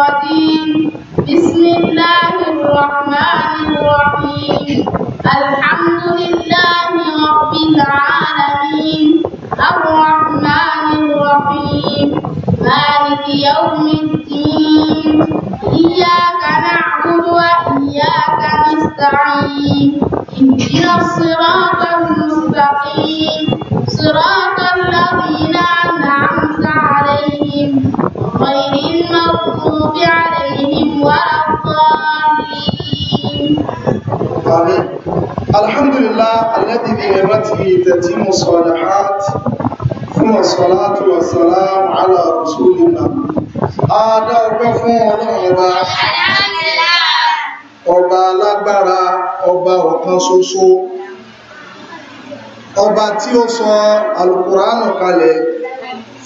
الرجيم بسم الله الرحمن تتم الصالحات ثم الصلاة والسلام على رسول الله ada ọpẹ́ fún Ọlọ́run ọba ọba alágbára ọba ọ̀kan ṣoṣo ọba tí ó sọ alukuraanu kalẹ̀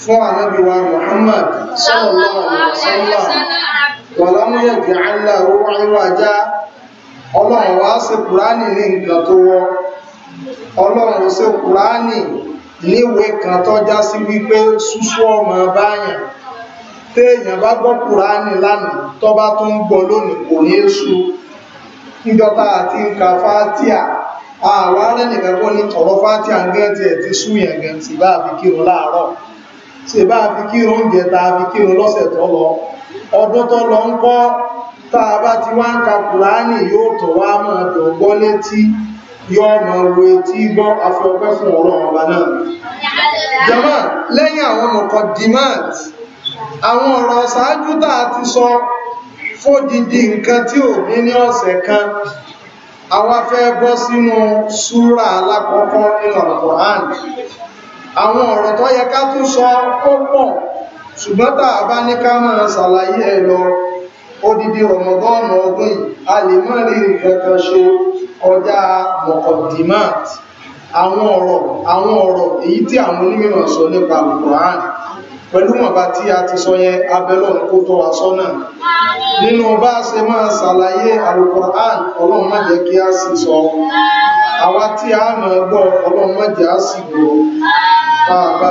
fún anábíwa Muhammad sallallahu alaihi wasallam wàlámú yẹ̀kẹ́ aláwọ̀ àríwájá ọlọ́run wá sí kùránì ní nǹkan tó wọ́ ọlọ́run sí kùránì níwé kan tó já sí wípé súsú ọmọ báyàn téèyàn bá gbọ́ kùránì lánàá tó bá tún gbọ́ lónìí kò ní sú níjọta àti nǹka fátíà àwọn arẹ́ nìkan kó ní ọ̀rọ̀ fátíà ń gẹ́ tiẹ̀ ti sú yẹn gan sì bá fi kírun láàárọ̀ sì bá fi kírun oúnjẹ tá a fi kírun lọ́sẹ̀ tó lọ ọdún tó lọ ń kọ́ tá a bá ti wá ń ka kùránì yóò tó wá mọ̀ ọ̀dọ̀ gbọ́ létí yọ ọmọ wo etí gbọ́ afi ọpẹ́ fún ọ̀rọ̀ ọba náà jama lẹ́yìn àwọn ọkọ̀ demand àwọn ọ̀rọ̀ ṣáájú tá a ti sọ fódìdí nǹkan tí ò ní ní ọ̀sẹ̀ kan àwa fẹ́ bọ́ sínú súra alákọ̀ọ́kọ́ nínú Al-Qur'an àwọn ọ̀rọ̀ tó yẹ ká tún sọ ó pọ̀ ṣùgbọ́n tá ní ká máa ṣàlàyé ẹ̀ lọ odidi rọmọgọ́nù ọdún a lè mọ́ rírì kankan ṣe ọjà mọ̀kọ̀dìmáàtì àwọn ọ̀rọ̀ àwọn ọ̀rọ̀ èyí tí àwọn onímọ̀ sọ nípa ha. pẹ̀lú mọ̀bá tí a ti sọ yẹn abẹ́lọ́n kó tọ́ wa sọ́nà nínú bá ṣe máa ṣàlàyé alukur'an ọlọ́run má jẹ́ kí a sì sọ àwa tí a máa gbọ́ ọlọ́run má jẹ́ a sì gbọ́ bá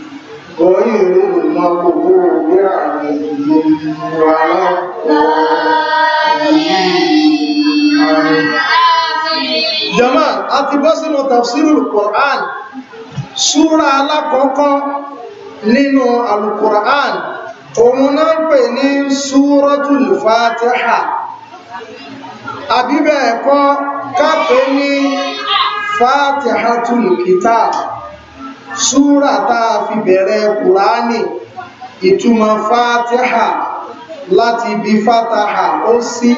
غير المغضوب عليهم ولا jama a ti bọ́ sínú tafsirul Qur'an súra alákọ̀ọ́kọ́ nínú alukur'an òun náà pè ní súratul Fatiha àbíbẹ̀ ẹ̀kọ́ kápẹ́ ní Fatihatul Kitab súrà tá a fi bẹ̀rẹ̀ kùránì ìtumọ̀ fatiha láti ibi fataha ó sí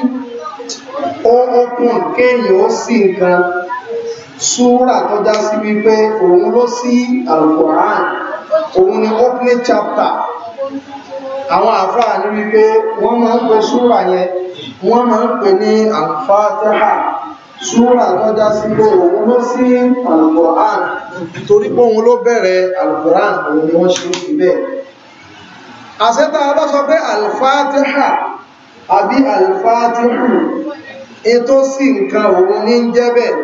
ó ókùn kéèyàn ó sì nǹkan súrà tó já sí wípé òun ló sí alukoran òun ni opening chapter àwọn àfáà ní wípé wọ́n máa ń pe súrà yẹn wọ́n máa ń pe ní alfatiha súrà tọ́já sí pé òun ló sí alukoran torí pé òun ló bẹ̀rẹ̀ alukoran òun ni wọ́n ṣe fi bẹ́ẹ̀ àṣẹ́ta bá sọ pé alfatiha àbí alfatihu ètò sí nǹkan òun ní ń jẹ́ bẹ́ẹ̀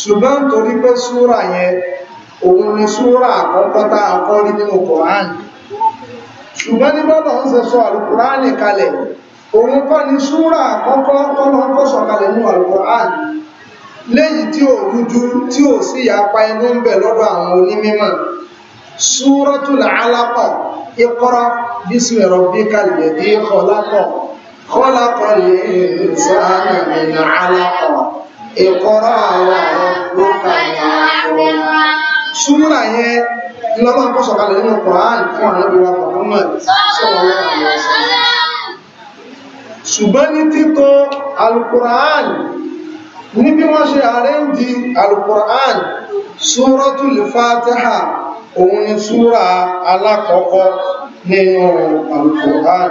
ṣùgbọ́n torí pé súrà yẹn òun ni súrà àkọ́kọ́ tá a kọ́ rí nínú koran ṣùgbọ́n ní bọ́lọ̀ ń ṣe sọ alukoran kalẹ̀ òun kọ́ ni súrà àkọ́kọ́ tọ́lọ́ kọ́ sọ̀kalẹ̀ ní alukur'an léyìí tí ò rújú tí ò sí yapa inú ń bẹ̀ lọ́dọ̀ àwọn onímọ̀ súratul alákọ̀ ikọ́rọ́ bísí rabbikal ladhi khalaqọ̀ khalaqal insana min alaqọ̀ ikọ́rọ́ àwọn ọ̀rọ̀ súrà yẹn lọ́lọ́ kọ́ sọ̀kalẹ̀ nínú Qur'an fún àwọn ìwà ṣùgbọ́n ní títọ alukur'an ní bí wọ́n ṣe àrẹ́ǹdì alukur'an suratul fatiha òun ni súra alákọ̀ọ́kọ́ nínú alukur'an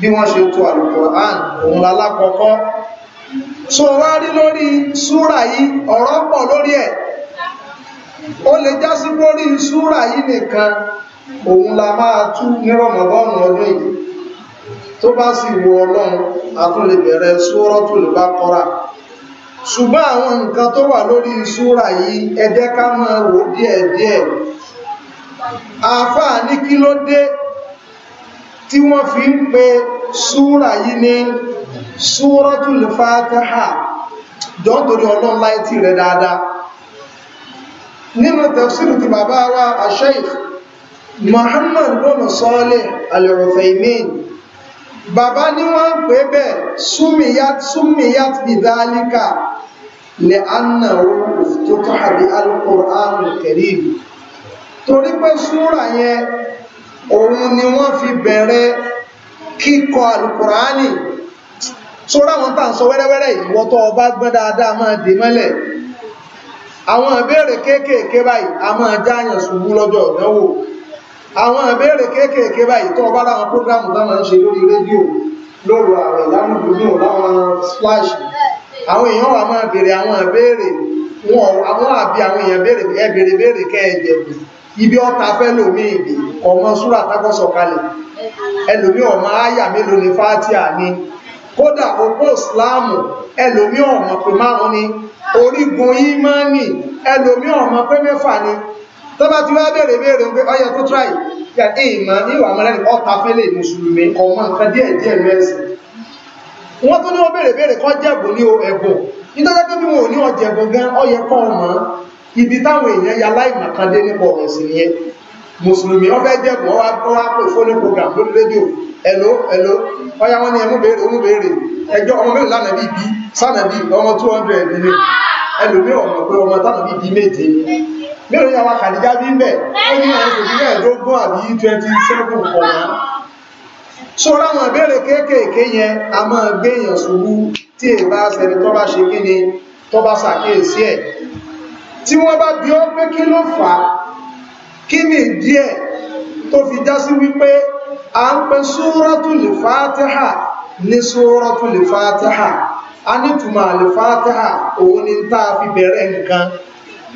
bí wọ́n ṣe tó alukur'an òun lalákọ̀ọ́kọ́ so wá rí lórí súra yìí ọ̀rọ̀ pọ̀ lórí ẹ̀ ó lè já sí lórí súra yìí nìkan òun la máa tú ní rọmọbọ́ọ̀nù ọdún yìí tó bá sì wọ ọlọ́run a tún lè bẹ̀rẹ̀ Suratul Baqara ṣùgbọ́n àwọn nǹkan tó wà lórí súra yìí ẹ jẹ́ ká máa wò díẹ̀díẹ̀ àáfàá ní kí ló dé tí wọ́n fi ń pe súra yìí ní Suratul Fatiha jọ torí ọlọ́run láìtì rẹ̀ dáadáa nínú tafsiru ti bàbá wa Sheikh Muhammad bọ́nà sọ́ọ́lẹ̀ al-Uthaymeen bàbá ní wọ́n ń pè bẹ́ẹ̀ súnmìyàt súnmìyàt bìdálíkà lè anna owó tó tó àbí alukóránù karim torí pé súnra yẹn òun ni wọ́n fi bẹ̀rẹ̀ kíkọ alukóránì sóra wọn tà ń sọ wẹ́rẹ́wẹ́rẹ́ ìwọ tó ọba gbọ́n dáadáa máa dè mọ́lẹ̀ àwọn ìbéèrè kéékèèké báyìí a máa jáàyàn ṣubú lọ́jọ́ ìdánwò àwọn ìbéèrè kéékèèké báyìí tó bá láwọn prógrámù táwọn ń ṣe lórí rédíò lóru ààrẹ lánàá dúdú láwọn splash àwọn èèyàn wà máa béèrè àwọn ìbéèrè wọn àwọn àbí àwọn èèyàn béèrè ẹ béèrè béèrè ibi ọta fẹ lómi ìdè ọmọ súrà tákọsọ kalẹ̀ ẹlòmí ọmọ àyà mélòó ni fatia ni kódà òpó ìsìláàmù ẹlòmí ọmọ pé márùn ni orígun ìmánì ẹlòmí ọmọ pé mẹ́fà ni tó bá ti wá bẹ̀rẹ̀ bẹ̀rẹ̀ pé ọyẹ tó try yà ní ìmọ̀ níwà mọ́lẹ́ni ọta fẹ́lẹ̀ mùsùlùmí ọmọ nǹkan díẹ̀ díẹ̀ mẹ́sì wọ́n tó ní wọ́n bẹ̀rẹ̀ bẹ̀rẹ̀ kọ́ jẹ́bù ní ẹ̀bùn nítorí pé bí wọn ò ní gan ibi táwọn èèyàn ya láìmọ̀ kan dé nípa ọ̀rọ̀ ọ wá ọmọ mẹ́rin ní àwọn kàdíjá bí ń bẹ̀ ó ní àwọn oṣù mẹ́ẹ̀ẹ́dógún àbí twenty seven kọ̀ọ̀nà so láwọn ìbéèrè kéékèèké yẹn a máa gbéyàn ṣubú tí è bá ṣẹni tó bá ṣe kí ni tó bá ṣàkíyèsí ẹ̀ tí wọ́n bá bi ọ́ pé kí ló fà á kí ni ìdí ẹ̀ tó fi já sí wípé a ń pè Suratul Fatiha ní Suratul Fatiha a nítumọ̀ al-Fatiha òun ni tá a fi bẹ̀rẹ̀ nǹkan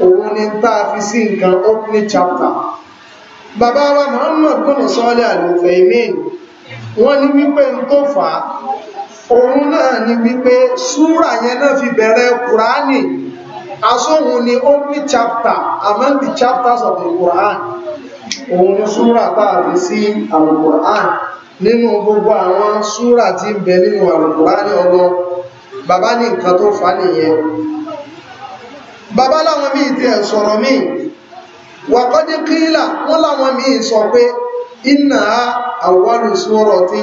òun ni fi sí nǹkan opening chapter bàbá wa Muhammad bùnú sọ́ọ́lẹ̀ àlùfẹ́ imin wọ́n ní wípé ń tó fà á òun náà ni wípé súrà yẹn náà fi bẹ̀rẹ̀ kùránì asóhun ni opening chapter among the chapters of the Quran òun sí nínú gbogbo àwọn súrà ti bẹ nínú bàbá ní nǹkan tó fà tiẹ̀ sọ̀rọ̀ míì wàkọ́dé kírílà wọ́n láwọn míì sọ pé iná àwọ̀lù sóòrọ̀ tí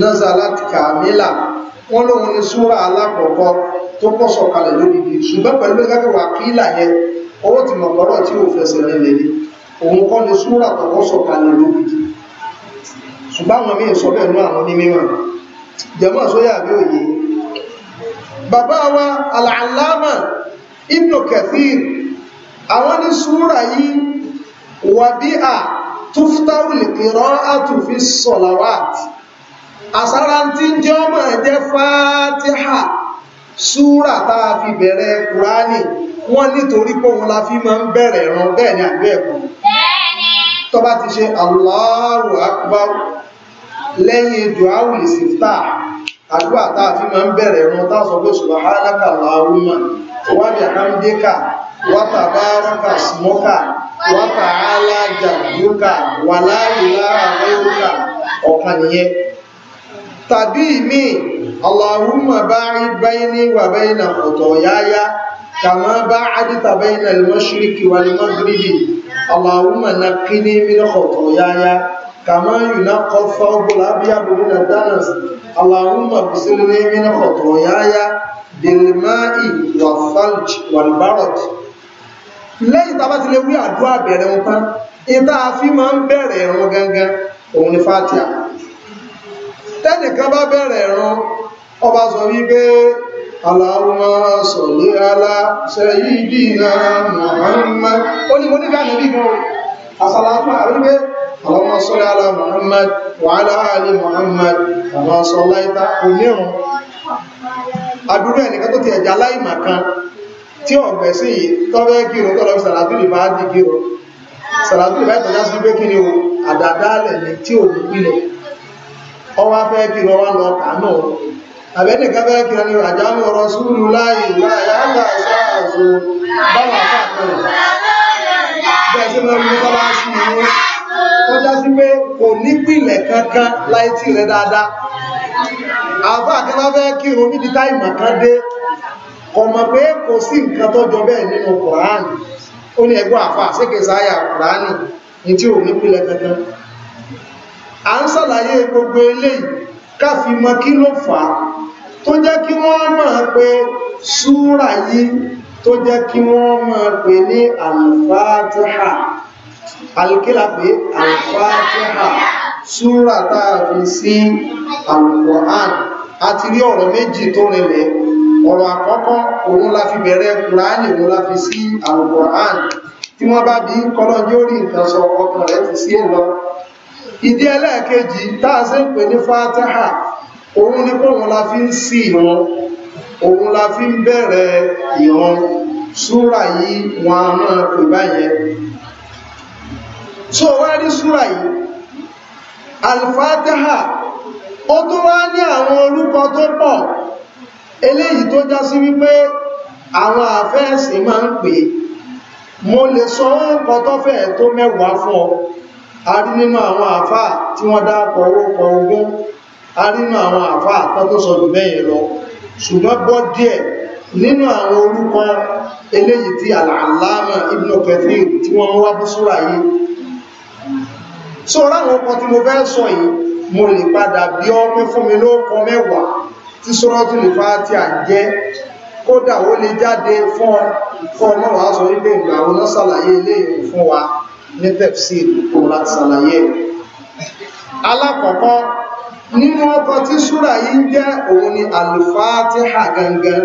nazalat kàmílà wọ́n lóun ní súra alákọ̀ọ́kọ́ tó kọ́ sọ̀kalẹ̀ lódìdí ṣùgbọ́n pẹ̀lú pé gẹ́gẹ́ wà kírílà yẹn owó ti mọ̀kọ́rọ̀ àwọn ní súúrà yìí wà bí à tó fútàwùlì ìrọ́ àtúfi sọ̀làwàtì àsára tí ń jẹ́ ọmọ ẹ̀jẹ́ fàtíhà súúrà tá a fi bẹ̀rẹ̀ kùránì wọ́n nítorí pé òun la fi máa ń bẹ̀rẹ̀ ẹ̀rọ bẹ́ẹ̀ ni àgbẹ̀ ẹ̀kọ́ tó bá ti ṣe Allahu watabaraka smoka wataala jàdúkà wàláyìlá àwẹ́rúkà ọ̀kan nìyẹn tàbí mi Allahumma ba'id bayni wa bayna khotayaya kama ba'adta bayna al-mashriqi wal-maghribi Allahumma naqqini min khotayaya kama yunaqqa ath-thawbu al-abyadu min ad-danas Allahumma ighsilni min khotayaya bil-ma'i wal-thalji wal-barad lẹ́yìn tá a bá ti lè wí àdúrà bẹ̀rẹ̀ wọn tán ìta àfi máa ń bẹ̀rẹ̀ ẹ̀rọ gangan òun ni fatia bá bẹ̀rẹ̀ ẹ̀rọ ala sayyidina Muhammad ó ní mo ní ká nàbí gan o àsàlátà wípé aláwọ̀ ala Muhammad wa ala Muhammad sọ̀lá ìta onírun àdúrà ẹnìkan tó ti tí ọ̀gbẹ̀ sí tọ́bẹ́ sàràdúrì bá dì sàràdúrì bá sí pé kí o àdàdálẹ̀ ni tí ò ní pínlẹ̀ ọwọ́ afẹ́ gírun wá lọ kà náà àbẹ́ni kábẹ́ gírun ni àjálù ọ̀rọ̀ súnú láàyè láàyè ágbà sáàzù kọ̀mọ̀ pé kò sí nǹkan tó jọ bẹ́ẹ̀ nínú kùránì ó ní ẹgbọ́ àfà sékèsáyà kùránì ní tí ò ní pìlẹ̀ kankan a ń sàlàyé gbogbo eléyìí káfí mọ kí ló fà á tó jẹ́ kí wọ́n mọ̀ pé súrà yìí tó jẹ́ kí wọ́n mọ̀ pé ní alfáàtíhà alìkílà pé alfáàtíhà súrà táàfin sí alùkọ̀án àti rí ọ̀rọ̀ méjì tó rinlẹ̀ ọ̀rọ̀ àkọ́kọ́ òun la fi bẹ̀rẹ̀ kùránì òun la fi sí àlùkùrán tí wọ́n bá bí kọ́lọ́njẹ́ orí nǹkan sọ ọkàn rẹ̀ ti sí èlọ ìdí ẹlẹ́ẹ̀kejì tá a ṣe ń pè ní fátáhà òun ni pé òun la fi ń sí ìran òun la fi ń bẹ̀rẹ̀ ìran súrà yìí wọn a máa pè báyẹn so wá rí súrà yìí alfátáhà ó tún wá ní àwọn orúkọ tó pọ̀ eléyìí tó já sí wípé àwọn àfẹ́ẹ̀sì máa ń pè mo lè sọ ọkọ̀ tó fẹ́ tó mẹ́wàá fún ọ a rí nínú àwọn àfáà tí wọ́n dá pọ̀wọ́pọ̀ ogún a rí nínú àwọn àfáà tó tó sọ jù bẹ́yìn lọ ṣùgbọ́n gbọ́ díẹ̀ nínú àwọn orúkọ eléyìí tí Al-Allama Ibn Kathir tí wọ́n mú wá fún súra yìí so ráwọn ọkọ̀ tí mo fẹ́ sọ yìí mo lè padà bí ọ pé fún mi ló mẹ́wàá tí sọ́rọ́tù lè fà á ti à ń jẹ́ kódà ó lè jáde fún ọmọ wa sọ wípé ìgbà wo lọ ṣàlàyé eléyìí fún wa ní tafsir òun láti ṣàlàyé alákọ̀ọ́kọ́ nínú ọkọ̀ tí súra yìí jẹ́ òun ni al-Fatiha gangan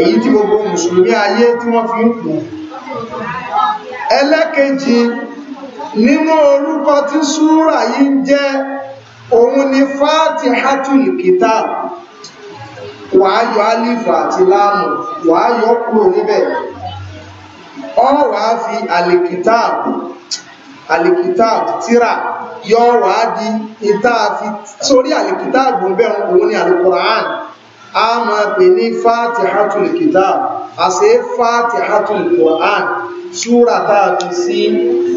èyí tí gbogbo mùsùlùmí ayé tí wọ́n fi ń kù ẹlẹ́kejì nínú orúkọ tí súra yìí jẹ́ òun ni Fatihatul Kitab wàá yọ alifu àti láàmù wàá yọ kúrò níbẹ̀ ọ wàá fi alikitaabu alikitaabu tíra yọ wàá di ìta fi sórí alikitaabu bẹ́ẹ̀ òun ni alukuraan a máa pè ní fatihatul kitab àṣẹ fatihatul quran súra táa fi sí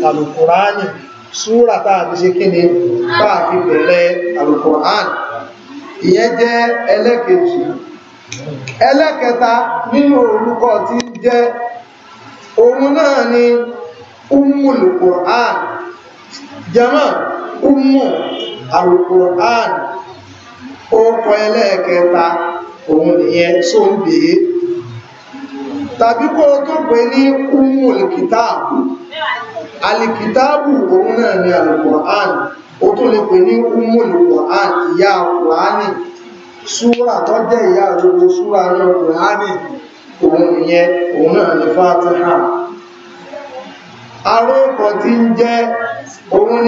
alukuraan súra táa fi ṣe kíni táa fi bẹ̀rẹ̀ alukuraan. ìyẹn jẹ́ ẹlẹ́kejì ẹlẹ́kẹta nínú orúkọ tí ń jẹ́ òun náà ni ummul Qur'an jama ummu al-Qur'an orúkọ ẹlẹ́kẹta òun nìyẹn tó ń bèé tàbí kó tó pè ní ummul kìtàbù alìkìtàbù òun náà ni al-Qur'an o tó lè pè ní umulu quran ìyá quran súra tó jẹ́ ìyá gbogbo súra ní quran òun ìyẹn òun náà ní fatiha arókọ tí ń jẹ́ òun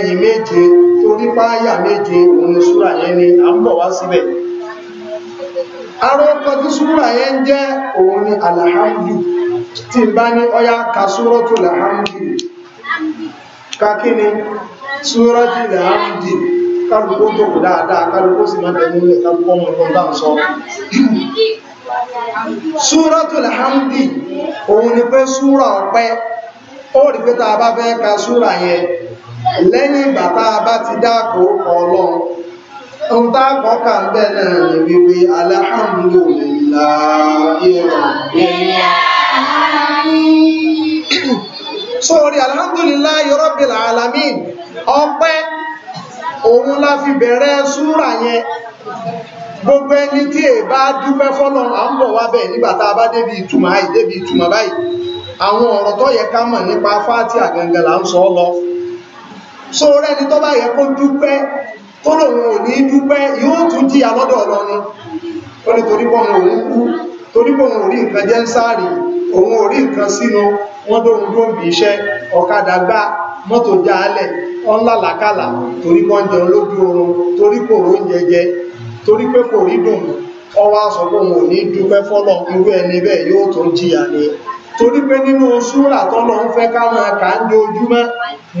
ni méje torípáyà méje òun ni súra yẹn ara ọkọ̀ tí súnmùrà yẹn jẹ́ òun ni alhamdu tí bá ní ọya ka súrọ́tù alhamdu kakíni súrọ́tù alhamdu kálùkó tó kù dáadáa kálùkó sì máa bẹ̀rẹ̀ nílẹ̀ kálùkó mọ̀ tó bá ń sọ súrọ́tù alhamdu òun ni pé súrà ọpẹ́ ó rí pé ka lẹ́yìn ìgbà tá a bá ohun tá kọ́kà ń náà ni wípé alhamdulillahi rabbil alamin sórí alhamdulillahi rabbil alamin ọpẹ́ òun la fi bẹ̀rẹ̀ súrà yẹn gbogbo ẹni tí è bá dúpẹ́ fọ́lọ̀ à ń bọ̀ wá bẹ̀ nígbà tá a bá débi ìtumọ̀ àì débi ìtumọ̀ báyìí àwọn ọ̀rọ̀ tó yẹ ká mọ̀ nípa fáti àgàngàn là ń sọ lọ sórí ẹni tó bá yẹ kó dúpẹ́ tó lòun ò ní dúpẹ́ yóò tún jíyà lọ́dọ̀ ọlọ́ni ó ní torípọ̀ òun kú torípọ̀ òun ò rí nǹkan jẹ́ ń sáàrì òun orí nǹkan sínú wọ́n ń dó bì iṣẹ́ ọ̀kadà gbá mọ́tò jálẹ̀ ọ́n torípọ̀ oorun torípọ̀ torípẹ́ kò rí dùn òun ò ní dúpẹ́ fọ́lọ̀ irú ẹni bẹ́ẹ̀ yóò tún torí nínú súrà ń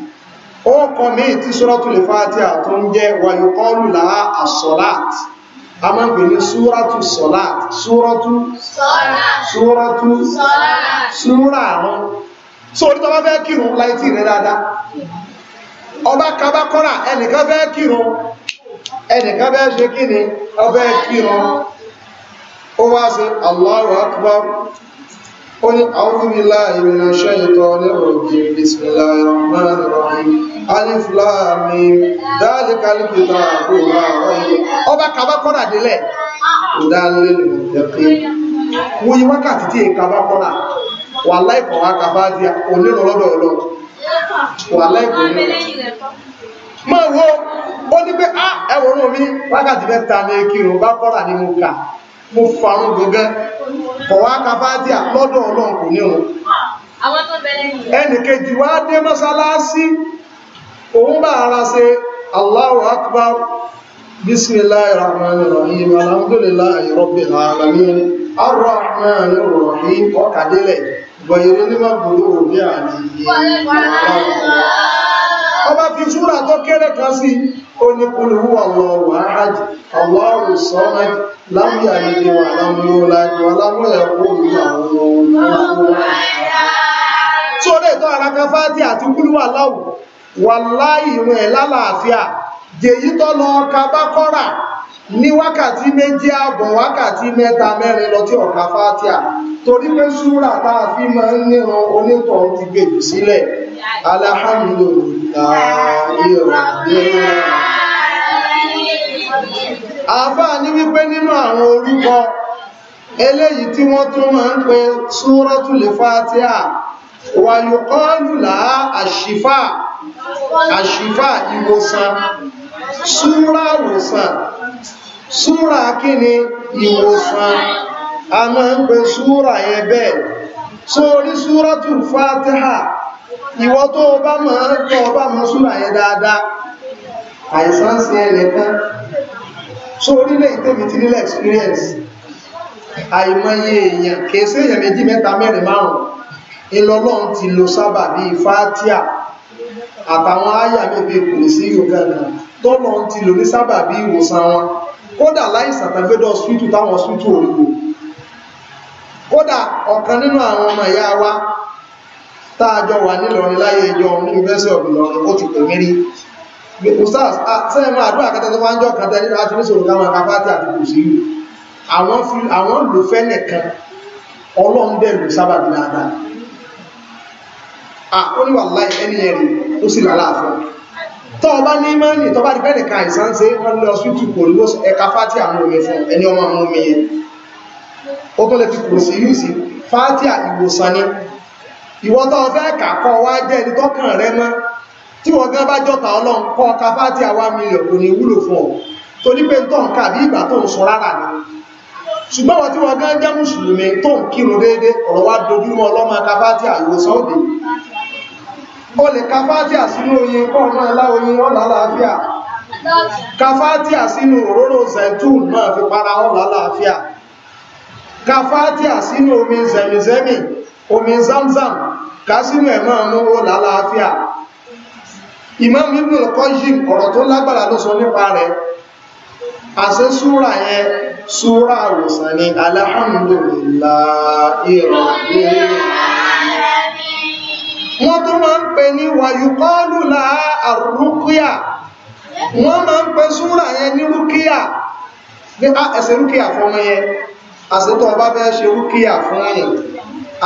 ó kọ míì tí Suratul Fatiha tó ń jẹ́ wàyíkọ́lù láà àsọ̀láàt a máa ń pè ní súrátù sọ̀láàt súrátù súrátù súrà àrùn so orí tó bá fẹ́ kírun láì tí rẹ̀ dáadáa ọba kaba kọ́ra ẹnìkan fẹ́ kírun ẹnìkan قل أعوذ بالله من الشيطان الرجيم بسم الله الرحمن الرحيم ألف لام ذلك الكتاب لا ريب ọba kaba kọ́ra délẹ̀ kò dá lé lè dẹ́pẹ́ wo yí wákàtí tí èka bá kọ́ra wà ka wá di onírun lọ́dọ̀ ọlọ́ wà láìpọ̀ ní wo ó ní pé ah, ẹwọ̀n mi wákàtí mẹ́ta mo farun gangan kọ̀ wá kàfáàtíà lọ́dọ̀ ọlọ́run kò ní òun ẹnìkejì wá dé mọ́sálásí òun bá ara ṣe Allahu akbar bismillahir rahmanir rahim alhamdulillahi rabbil alamin arrahmanir rahim ọkàdélẹ̀ gbọ̀yẹ̀rẹ̀ ní mọ́gbòrò òbí àdìyẹ ọba fi súra tó kéré kan sí oníkulù Allahu ahad Allahu samad lam yalid wa lam yulad wa aláwọ̀ wà láì rẹ̀ lálàáfíà ní wákàtí méjì ààbọ̀ wákàtí mẹ́ta mẹ́rin lọ tí ọ̀ka fátíà torí pé súrà tá a fi máa ń níran onítọ̀ ti gbèjì sílẹ̀ alhamdulillahi rabbil alamin àfáà ní wípé nínú àwọn orúkọ eléyìí tí súrà kí ni ìwòsàn a máa ń pè súrà yẹn bẹ́ẹ̀ so orí súràtù fàtíhà ìwọ tó bá mọ̀ tó bá mọ̀ súrà yẹn dáadáa àìsàn sí ẹnìkan so orílẹ̀ ìtẹ́mi ti nílẹ̀ experience àìmọye èèyàn kèsí èèyàn méjì mẹ́ta mẹ́rin márùn-ún ìlọ́lọ́run ti lo sábà bí fàtíà àtàwọn áyà mẹ́bẹ̀ẹ́ kò sí yóò gánà tọ́lọ́run ti lò ní sábà bí ìwòsàn wọn kódà láìsàn tàgbẹ́dọ̀ ṣútù táwọn ṣútù òrùkù kódà ọ̀kan nínú àwọn ọmọ ìyá wa táàjọ wà nílọrin láyé ìjọ university of Ìlọrin ó ti pè mí rí ustaz sẹ́yìn máa àdúrà kẹta tó máa ń jọ kan tẹ́lẹ̀ láti ní sọ̀rọ̀ káwọn akápátì àti kò sí yìí àwọn fi àwọn lò fẹ́ nìkan ọlọ́run bẹ̀rù sábàbí dáadáa ah ó ní wàláhì ẹni yẹn rí ó sì lálàáfíà tọ́ ọba ní mọ́nì tọ́ bá dìpẹ́ nìkan àìsàn ṣe wọ́n lọ ṣútù kò ló ẹka fátí àwọn omi fún ẹni ọmọ àwọn omi yẹn ó tó lè fi kò sí yìí sí fátí ìwòsàn ni ìwọ tọ́ ọfẹ́ kàkọ́ wá jẹ́ ẹni tọ́kàn rẹ mọ́ tí wọ́n gán bá jọta ọlọ́run kọ́ ọka fátí àwa mílíọ̀ kò ní wúlò fún ọ tó ní pé tó ń kà bí ìgbà tó ń sọ rárá ni ṣùgbọ́n wọ́n tí wọ́n gán jẹ́ mùsùlùmí tó ń kírun déédéé ọ̀rọ̀ wá dojúmọ́ ọlọ́mọ aka fátí òde o lè ka fátíà sínú oyin kọ́ ọmọ ẹlá oyin ọ̀là láàáfíà ka fátíà sínú òróró zaitun náà fi para ọ̀là láàáfíà ka fátíà sínú omi zẹ̀mìzẹ́mì omi zamzam ka sínú ẹ̀mọ́ ọmọ ọ̀là láàáfíà Imam Ibn Qayyim ọ̀rọ̀ tó lágbára ló sọ nípa rẹ̀ àṣẹ súra yẹn súra àwòsàn ni alhamdulillah ìrọ̀lẹ́ wọ́n tó máa ń pè ní wàyùkọ́lù láà àrùkúyà wọ́n máa ń pè súrà yẹn ní rúkíyà ní ah, ẹsẹ̀ rúkíyà ọmọ yẹn ọba bẹ́ẹ̀ ṣe rúkíyà fún yẹn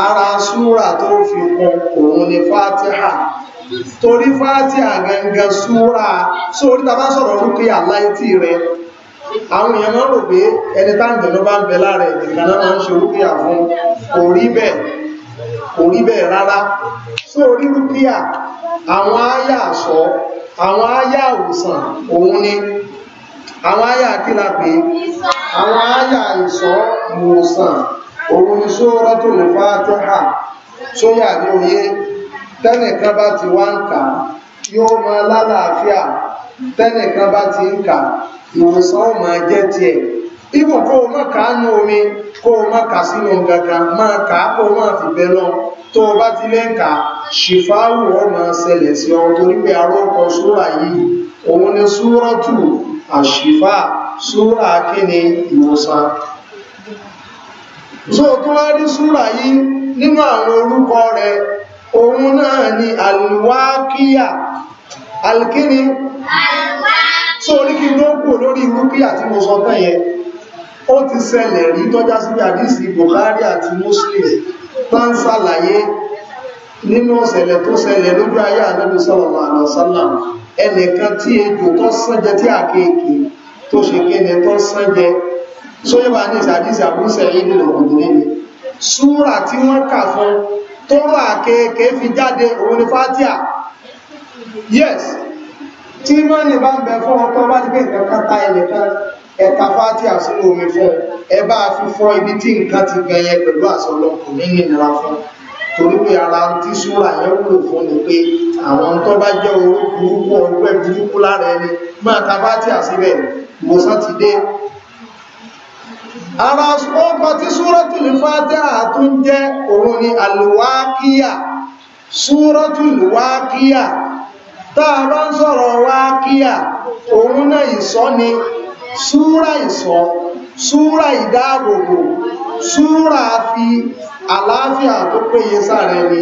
ara súrà tó fi kún òun ni fatiha torí gangan tàbá sọ̀rọ̀ rúkíyà àwọn èèyàn máa ń rò pé ẹni ló bá ń bẹ láàrẹ̀ máa ń ṣe rúkíyà fún orí bẹ́ẹ̀ kò rí bẹ́ẹ̀ rárá sí orí rúpíà àwọn áyà àṣọ àwọn áyà òsàn òun ni àwọn áyà kíla pé àwọn áyà ìṣọ́ ìwòsàn òun ni Suratul Fatiha sóyà ní oyé tẹ́nìkan bá ti wá ń kà yóò máa lálàáfíà tẹ́nìkan bá ti ń kà ìwòsàn ó máa jẹ́ tiẹ̀ ibò kó o máa kàánú omi kó o máa kà sínú gangan máa kà á kó o máa fi bẹ́ lọ tó o bá ti lẹ́ǹkà ṣìfáwù ọmọ ṣẹlẹ̀ sí ọ torí pé arọ́kọ súra yìí òun ni súrọ́tù àṣìfà súra kíni ìwòsàn so tó wá rí súra yìí nínú àwọn orúkọ rẹ̀ òun náà ni alwákíyà alkíni so orí kí ló kú lórí rúkíyà tí mo sọ tán yẹn ó ti ṣẹlẹ̀ rí tọ́já sí àdísì Bukhari àti Muslim tó ń sàlàyé nínú ọ̀sẹ̀lẹ̀ tó ṣẹlẹ̀ lójú ayé ànábì sallallahu alaihi wasallam ẹnìkan tí ejò tó sánjẹ tí àkéèké tó ṣe kéne tó sánjẹ sóyébà ní ìsàdísì àbúṣẹ̀ yìí nílò òdìrí ni súrà tí wọ́n kà fún tó rà àkéèké fi jáde òun yes tí mọ́ni bá ń bẹ fún ọkọ̀ bá ti gbé ẹ̀ka fáti àsìkò omi fún ẹ bá fi fọ́ ibi tí nǹkan ti gan yẹn pẹ̀lú àṣọ ọlọ́pọ̀ ní ìnira fún torí pé ara tí súra yẹn wúlò fún ni pé àwọn tó bá jẹ́ orí burúkú ọgbẹ́ burúkú lára ẹni máa ka fáti àsìbẹ̀ ìwòsàn ti dé ara ọkọ̀ tí súratul Fatiha tún jẹ́ òun ni alùwákíyà súratul wákíyà tá a bá ń sọ̀rọ̀ wákíyà òun náà ìsọ́ni súúrà ìṣọ́ súúrà ìdáàbòbò súúrà fi àlàáfíà tó péye sáàrẹ ni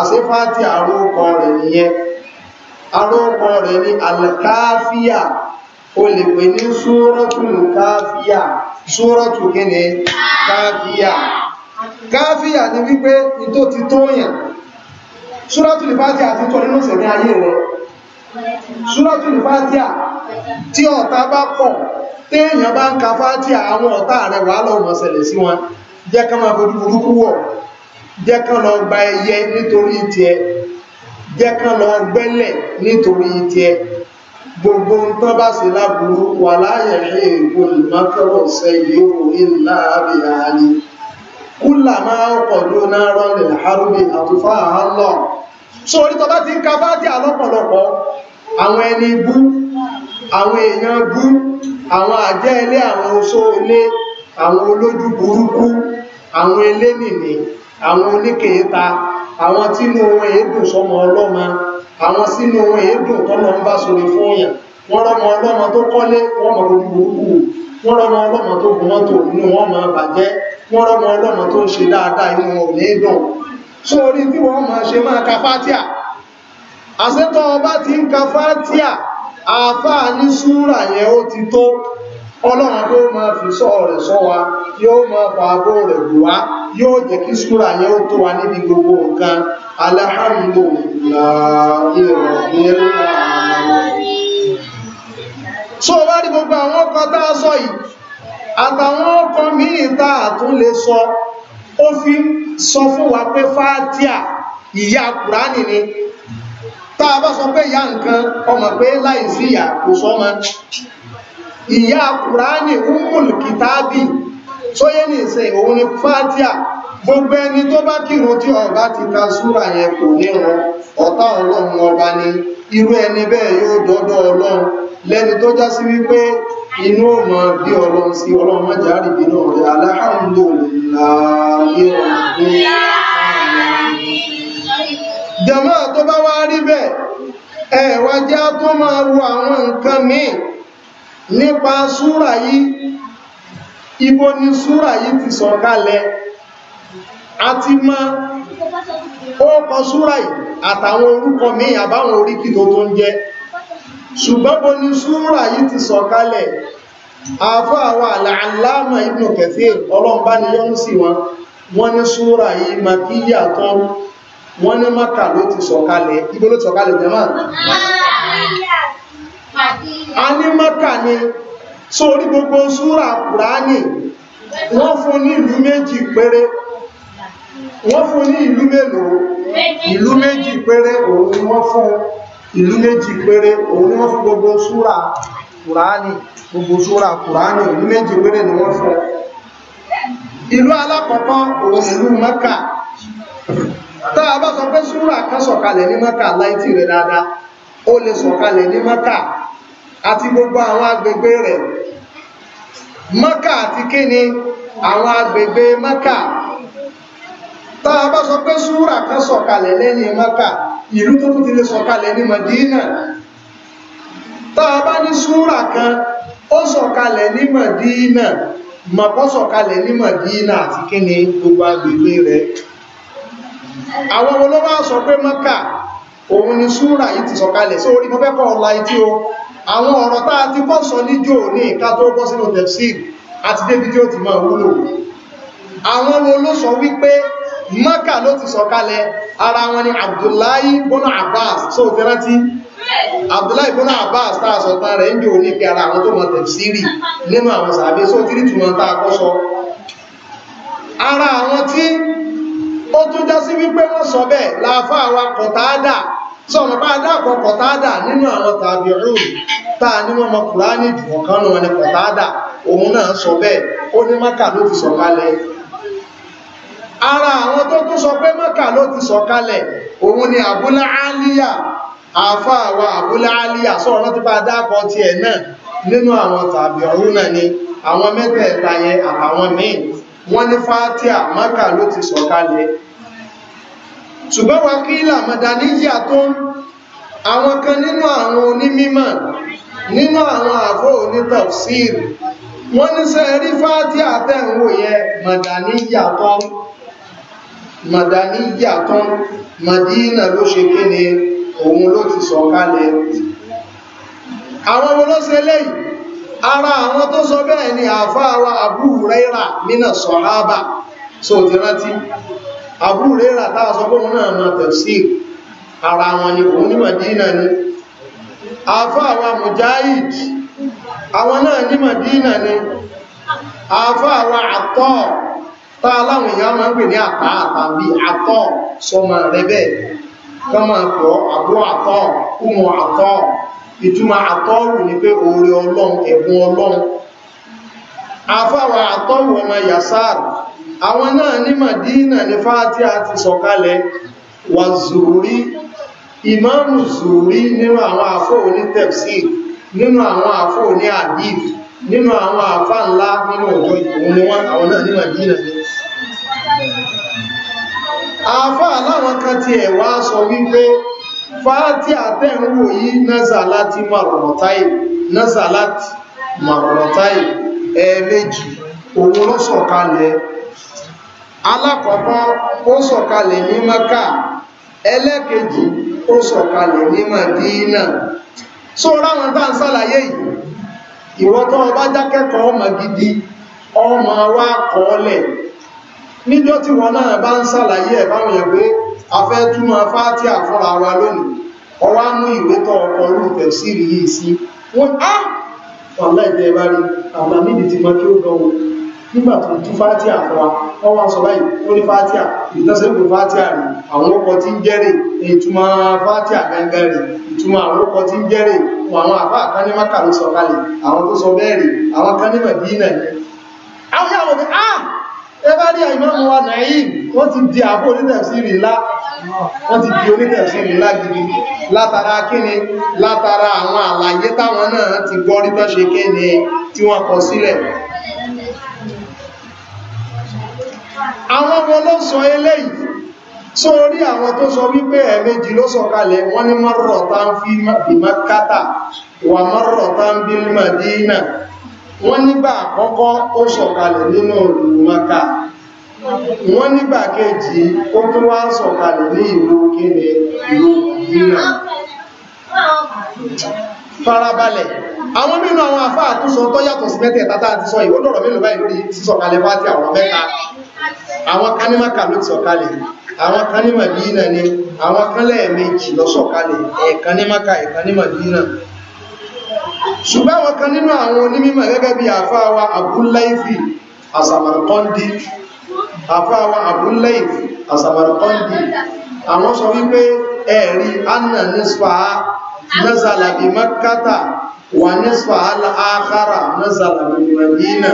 àṣífàtí àrókọ rẹ̀ nìyẹn àrókọ rẹ̀ ni alkáfíà o lè pè ní súúrọ́tù káfíà súúrọ́tù kíni káfíà káfíà ni wípé ìtó ti tóyàn súúrọ́tù lè bá jẹ́ nínú sẹ̀mí ayé rẹ̀ Súrọ́tùlù Fátíà tí ọ̀tá bá pọ̀, téèyàn bá ń ka Fátíà àwọn ọ̀tá rẹ̀ wà lọ́wọ́ ṣẹlẹ̀ sí wọn, jẹ́ kán máa fojú burúkú wọ̀, jẹ́ kán lọ gba ẹyẹ nítorí tiẹ̀, jẹ́ kán lọ gbẹ́lẹ̀ nítorí tiẹ̀. Gbogbo ń tán bá sí láburú wà láyẹ̀ so orí tọba ti ń ka fáti àlọ́pọ̀lọpọ̀ àwọn ẹni bú àwọn èèyàn bú àwọn àjẹ́ ilé àwọn oṣó ilé àwọn olójú burúkú àwọn elénìní àwọn oníkèéta àwọn tínú wọn èédùn sọmọ ọlọ́mọ àwọn sínú wọn èédùn tọ́lọ ń bá sórí fún wọ́n rọmọ ọlọ́mọ tó kọ́lé wọ́n mọ̀ lórí burúkú wọ́n rọmọ ọlọ́mọ tó gùn mọ́tò inú wọn mọ̀ bàjẹ́ wọ́n rọmọ ọlọ́mọ tó ń ṣe dáadáa inú wọn ṣé orí tí wọ́n máa ṣe máa ka fátíà àṣẹ́tọ́ ọba ti ń ka fátíà àáfàá ní súrà yẹn ó ti tó ọlọ́run tó máa fi sọ rẹ̀ sọ wa yóò máa fa abó rẹ̀ bù wá yóò jẹ́ kí súrà yẹn ó tó wa níbi gbogbo nǹkan alhamdulillahi rabbil alamin so bá rí gbogbo àwọn ọkọ̀ tá a sọ yìí àtàwọn ọkọ̀ míì tá a tún lè sọ ó fi sọ fún wa pé fátíà ìyá kùránì ni tá a bá sọ pé ìyá nǹkan ọmọ pé láìsí ìyá kò sọmọ ìyá kùránì umul kìtàbì tó yé ní ìsẹ̀ òun ni fátíà gbogbo ẹni tó bá kírun tí ọba ti ka súra yẹn kò níran ọ̀tá ọlọ́run ọba ni irú ẹni bẹ́ẹ̀ yóò dọ́dọ̀ ọlọ́run lẹ́ni tó já sí wípé inú ọmọ bí ọlọ́run sí ọlọ́run mọ́jà àríbí náà rẹ̀ aláhàndòláàrí jàmá tó bá wá rí bẹ́ẹ̀ ẹ̀wà jẹ́ tó máa wo àwọn nǹkan míì nípa súrà yìí ibo ni súrà yìí ti kalẹ̀, àti ma ó kọ súrà yìí àtàwọn orúkọ míì àbáwọn oríkì tó tó ń jẹ́ ṣùgbọ́n mo ní súúrà yìí ti sọ̀kalẹ̀ àfọ́ àwọn àlàáláàmà Ibn Kathir ọlọ́mbá ni yọ́n sí wọn wọ́n ní súúrà yìí makíyà tán wọ́n ní maka ló ti sọ̀kalẹ̀ ibo ló ti sọ̀kalẹ̀ jẹ́mà a ní maka ni sórí gbogbo súúrà kùránì wọ́n fún ní ìlú méjì péré wọ́n fún ní ìlú mélòó ìlú méjì péré òun ni wọ́n fún ìlú méjì péré òun ni wọ́n fún gbogbo súra kùránì gbogbo súra kùránì ìlú méjì péré ni wọ́n fún ìlú alákọ̀ọ́kọ́ òun ìlú mẹ́kà tá a bá sọ pé súra kan sọ̀kalẹ̀ ní mẹ́kà láìtì rẹ̀ dáadáa ó lè sọ̀kalẹ̀ ní mẹ́kà àti gbogbo àwọn agbègbè rẹ̀ mẹ́kà àti kíni àwọn agbègbè mẹ́kà tá a bá sọ pé súrà kan sọ̀kalẹ̀ lẹ́yìn mọ́kà ìlú tó tún ti lè sọ̀kalẹ̀ ní mọ̀dínà tá a bá ní súrà kan ó sọ̀kalẹ̀ ní mọ̀dínà mọ̀kọ́ sọ̀kalẹ̀ ní mọ̀dínà àti kí ni gbogbo agbègbè rẹ̀ àwọn olówó sọ pé mọ́kà òun ni súrà yìí ti sọ̀kalẹ̀ sí orí mọ́fẹ́kọ̀ ọ̀la etí o àwọn ọ̀rọ̀ tá a ti kọ́ sọ níjò ní ìka tó bọ́ sínú tẹ̀síìlì àti débi tí ó ti máa wúlò àwọn wo ló sọ wípé Mákà ló ti sọ̀kalẹ̀ ara wọn ni Abdullahi bono Abbas so ti rántí Abdullahi bono Abbas tá a sọ tán rẹ̀ ń jò ní pé ara àwọn tó mọ̀ tẹ̀síìrì nínú àwọn sàbí so ti rí túmọ̀ tá a ara àwọn tí ó tún já sí wípé wọ́n sọ bẹ́ẹ̀ láàfá àwa kọ̀tàádà sọ̀rọ̀ bá dákọ̀ kọ̀tàádà nínú àwọn tàbíùn táà ní wọ́n mọ kùránì jùmọ̀kánù wọn ni kọ̀tàádà òun náà sọ bẹ́ẹ̀ ó ní Mákà ló ti sọ̀kalẹ̀ ara àwọn tó tún sọ pé mọ́kà ló ti sọ̀kalẹ̀ òun ni àbúlá alíyà àfà àwà àbúlá alíyà sọ̀rọ̀ náà ti bá dákọ̀ ti ẹ̀ náà nínú àwọn tàbí ọ̀rún náà ni àwọn mẹ́tẹ̀ẹ̀ta yẹn àtàwọn míì wọ́n ní fátíà mọ́kà ló ti sọ̀kalẹ̀ ṣùgbọ́n wákílà mọ̀dáníyà tó àwọn kan nínú àwọn onímímọ̀ nínú àwọn àfó onítọ̀fsíìrì wọ́n ní sẹ́ẹ̀rí fátíà tẹ̀ ń wò yẹn mọ̀dáníyà tó màdàníyà tán màdínà ló ṣe kí ni òun ló ti sọ̀kalẹ̀ àwọn olóṣẹ́ lẹ́yìn ara àwọn tó sọ bẹ́ẹ̀ ni àfáàwà Abu Huraira nínà sọ̀hábà so ti rántí Abu Huraira táà sọ fún náà mọ̀ tafsir ara wọn ni òun ní màdínà ni àfáàwà Mujahid àwọn náà ní màdínà ni àfáàwà Atta tá aláwọn èèyàn máa ń pè ní àtà àtàbí àtọ̀ sọmọ rẹ bẹ́ẹ̀ kán máa pọ̀ àbúrò àtọ̀ kúmọ̀ àtọ̀ ìtumọ̀ àtọ́rù ni pé oore ọlọ́run ẹ̀bùn ọlọ́run afáwà àtọ́rù ọmọ yasar àwọn náà ní Madina ní fàtí àti sọ̀kalẹ̀ wà zùúrí ìmáàmù zùúrí nínú àwọn àfọ́ òní tefsir nínú àwọn àfọ́ òní àdìf nínú àwọn àfá ńlá nínú ọjọ́ ìkòun ni wọ́n àwọn náà ní Madina ní àfá aláwọn kan ti ẹ̀wà sọ wípé fàátì àtẹ́rùwò yìí násàláti màrùnọ̀táì násàláti màrùnọ̀táì ẹ̀ẹ̀mejì òun ló sọ̀kalẹ̀ alákọ̀ọ́kọ́ ó sọ̀kalẹ̀ ní Mákà ẹlẹ́kejì ó sọ̀kalẹ̀ ní Màdínà so ráwọn tá ń sàlàyé yìí ìwọ́n tó ọba jákẹ́kọ̀ọ́ ọmọ gidi ọmọ wa kọ́ọ́lẹ̀ níjọ́ tí wọ́n náà bá ń sàlàyé ẹ̀ báwọn yẹ̀ pé a fẹ́ túmọ̀ fátíà fúnra wa lónìí ọwá mú ìwé tọ́ ọkọ̀ orú tẹ̀sírì yìí sí wọ́n á wàlá ìdẹ̀ ẹ̀bá rí àwọn àmìdì ti mọ́ kí ó gan wọn nígbà tó tú fátíà fún wa wọ́n wá sọ báyìí ó ní fátíà ìtọ́sẹ́kù fátíà rí àwọn ọkọ̀ tí ń jẹ́rè ìtumọ̀ fátíà gangan rí ìtumọ̀ àwọn ọkọ̀ tí ń jẹ́rè fún ah ẹbá ní àìmọ́mù wa nàíyìn wọ́n ti di àpò onítẹ̀síìrì ńlá wọ́n ti di onítẹ̀síìrì ńlá gidi látara kíni látara àwọn àlàyé táwọn náà ti gbọ́ rí tán ṣe kíni tí wọ́n kọ sílẹ̀ àwọn ọmọ ló sọ eléyìí só orí àwọn wọ́n nígbà àkọ́kọ́ ó sọ̀kalẹ̀ nínú ìlú Mákà wọ́n nígbà kejì ó tún wá sọ̀kalẹ̀ ní ìlú kíni ìlú Mínà farabalẹ̀ àwọn nínú àwọn àfá àtúnsọ tó yàtọ̀ sí mẹ́tẹ̀ẹ̀ta tá ti sọ ìwọ́dọ̀rọ̀ mélòó báyìí lórí sísọ̀kalẹ̀ wá tí àwọn mẹ́ta àwọn kanímàkà ló ti sọ̀kalẹ̀ àwọn kanímàdínà ni àwọn ṣùgbọ́n àwọn kan nínú àwọn onímọ̀ gẹ́gẹ́ bí àfáàwà abúláìfì àsàmàrkọ́ndì àfáàwà abúláìfì àsàmàrkọ́ndì àwọn sọ wípé ẹ̀rí anna nisfa nazala bi makkata wa nisfa al-akhara nazala bi madina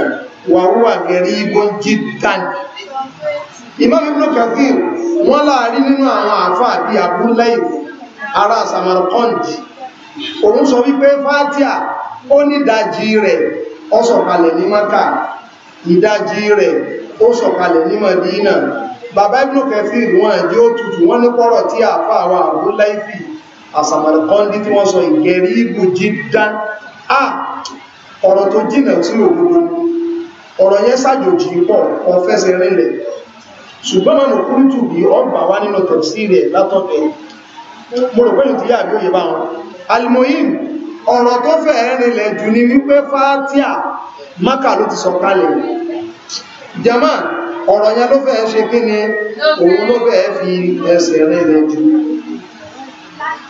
wa huwa garibun jiddan imam ibn kathir wọ́n láàrin nínú àwọn àfáà bí abúláìfì ará àsàmàrkọ́ndì òun sọ wípé fatia ó ní ìdajì rẹ̀ ó sọ̀kalẹ̀ ní maka ìdajì rẹ̀ ó sọ̀kalẹ̀ ní madina bàbá ibùdó kẹfì wọn jẹ́ ó tutù wọ́n ní kọ́rọ̀ tí àfà àwọn àwọn láìfì àsàmàlẹ̀kọ́ndí tí wọ́n sọ ìgẹ̀rí ibù jídá à ọ̀rọ̀ tó jìnà tí òkúrò ọ̀rọ̀ yẹn sàjòjì pọ̀ ọ̀fẹ́sẹ̀ rẹ̀lẹ̀ ṣùgbọ́n mọ̀nà kúrútù bí ọgbà wá nínú tẹ̀sí rẹ̀ látọ̀tẹ̀ mo rò pẹ́lú tí yà bí ó yẹ bá wọn almohim ọ̀rọ̀ tó fẹ́ rinlẹ̀ jù ní wípé fàtíà maka ló ti sọ̀kalẹ̀ jama ọ̀rọ̀ yẹn ló fẹ́ ṣe kí ni òun ló fẹ́ fi ẹsẹ̀ rinlẹ̀ jù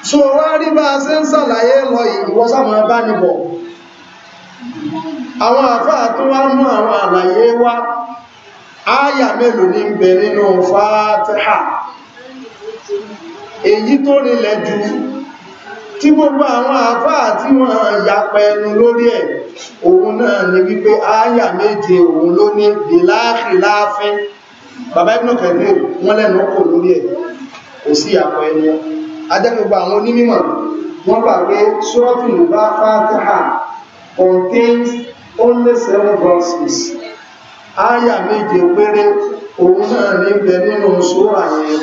so wá rí bá a ṣe ń sàlàyé lọ ìwọ́sàmọ́ bá níbọ̀ àwọn àfáà tó wá mú àwọn àlàyé wá áyà mélòó ní ń bẹ nínú fàtíà tí gbogbo àwọn àfáà tí wọ́n yapa ẹnu lórí ẹ̀ òun náà ni wípé ááyà méje òun ló ní bìláàfì láàfin bàbá Ibn Kathir wọ́n lẹ́nu kò lórí ẹ̀ kò sí àpọ̀ ẹnu adẹ́gbogbo àwọn onímọ̀ wọ́n gbà pé sọ́ọ̀tì lùbá fàtíhà contains only seven verses ááyà méje péré òun náà ní bẹ nínú sóra yẹn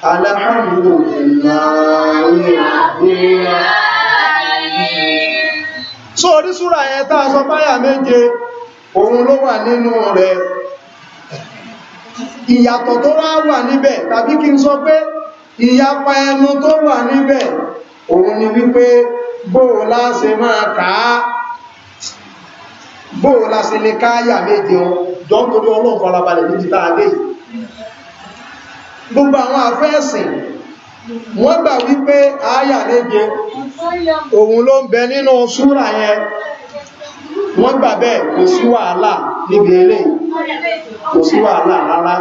alhamdulillah so orí súra yẹn tá a sọ báyà méje òun ló wà nínú rẹ̀ ìyàtọ̀ tó wá wà níbẹ̀ tàbí kí n sọ pé ìyapa ẹnu tó wà níbẹ̀ òun ni wípé bóò láṣe máa kàá bóò láṣe lè káyà méje ọjọ́ torí ọlọ́run farabalẹ̀ níbi tá dé gbogbo àwọn àfẹ́ẹ̀sìn wọ́n gbà wípé àyà méje òun ló ń bẹ nínú súrà yẹn wọ́n gbà bẹ́ẹ̀ kò sí wàhálà níbi eré kò sí wàhálà rárá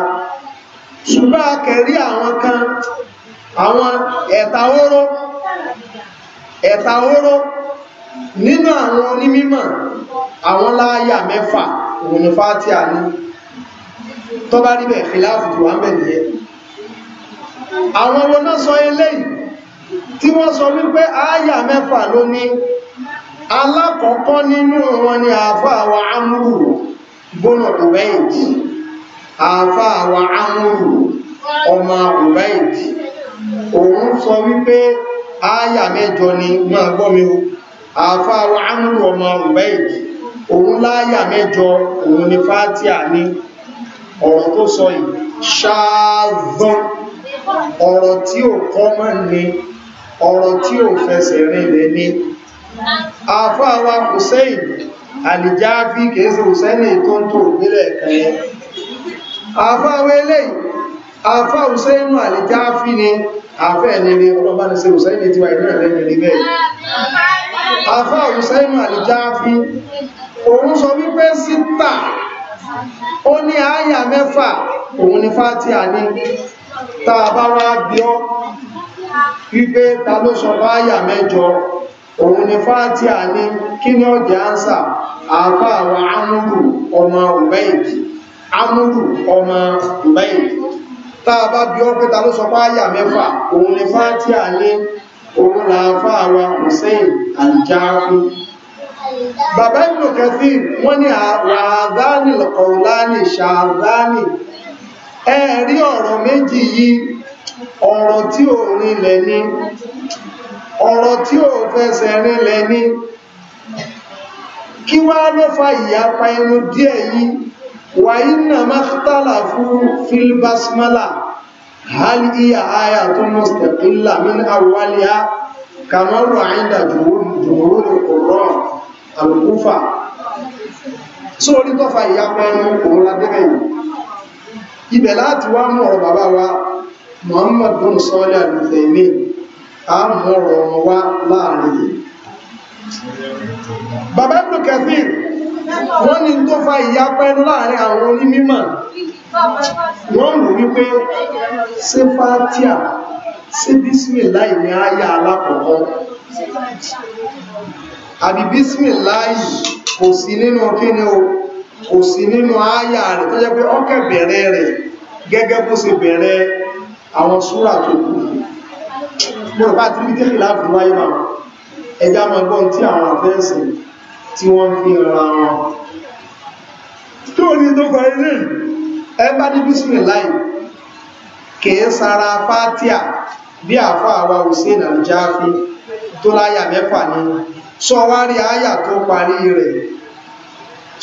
ṣùgbọ́n akẹ̀rí àwọn kan àwọn ẹ̀ta oró ẹ̀ta nínú àwọn onímímọ̀ àwọn láyà mẹ́fà òun ni fátíà ní tó bá rí fìlà àfùtù wà ń bẹ̀ nìyẹn àwọn wọn náà sọ eléyìí tí wọ́n sọ wípé ááyà mẹ́fà ló ní alákọ̀ọ́kọ́ nínú wọn ni àáfà àwọn amúrù gbónà rùbẹ́ìdì àáfà àwọn amúrù ọmọ rùbẹ́ìdì òun sọ wípé ááyà mẹ́jọ ni máa gbọ́ mi o àáfà àwọn amúrù ọmọ rùbẹ́ìdì òun lááyà mẹ́jọ òun ni fátíà ní ọ̀rọ̀ tó sọ yìí ṣáàzán ọ̀rọ̀ tí ò kọ́mọ̀ ni ọ̀rọ̀ tí ò fẹsẹ̀ rinlẹ̀ ni àfáàwà hussein àlìjáàfí kèése hussein tó ń tó ìpínlẹ̀ kan yẹn àfáàwà eléyìí àfáà hussein àlìjáàfí ni àfẹ́ ẹ̀lẹ́rẹ ọlọ́bánisẹ̀ hussein ti wà ìrìnlẹ̀ lẹ́rẹ̀ bẹ́ẹ̀ àfáà hussein àlìjáàfí òun sọ wípé síta ó ní àyà mẹ́fà òun ni fátíà ní tá a bá rá bí ọ́ wípé ta ló sọ fáyà mẹ́jọ òun ni fátíà ní kí ni ọjà ń sà amúrù ọmọ ọ̀bẹ́ìdì amúrù ọmọ ọ̀bẹ́ìdì tá a bá bí ọ́ pé ta ló sọ fáyà mẹ́fà òun ni fátíà ní òun làáfà àwọn hussein àjáfú bàbá ìlú kẹfì wọ́n ní àwàdánì lọ́kọ̀ọ́lánì ṣàdánì ẹ̀rí ọ̀rọ̀ méjì yìí ọ̀rọ̀ tí ò rinlẹ̀ ni ọ̀rọ̀ tí ò fẹsẹ̀ rinlẹ̀ ni kí wá ló fa ìyapa ẹnu díẹ̀ yìí wà iná mátàlá fún filbasmala hal iya tó mọ́ min awwaliha kamaru inda jumhur qurra ibẹ̀ láti wá mú ọ̀rọ̀ bàbá wa Muhammad bin sọ́ọ́lẹ̀ àlùfẹ̀mí a mú ọ̀rọ̀ wọn wá láàrin yìí bàbá Ibn Kathir wọ́n ní tó fa ìyapa ẹnu láàrin àwọn onímímọ̀ wọ́n rò wípé ṣé fàtíà ṣé bísímìláì ní àyà alákọ̀ọ́kọ́ àbí bísímìláì kò sí nínú kí o kò sí nínú àyà rẹ̀ tó jẹ́ pé ọkẹ̀ bẹ̀rẹ̀ rẹ̀ gẹ́gẹ́ bó ṣe bẹ̀rẹ̀ àwọn súrà tó kù mo rò bá ti rí dékì láàbù wáyé mà ẹja máa gbọ́n tí àwọn àfẹ́ǹsì tí wọ́n fi ra wọn tó ní tó gba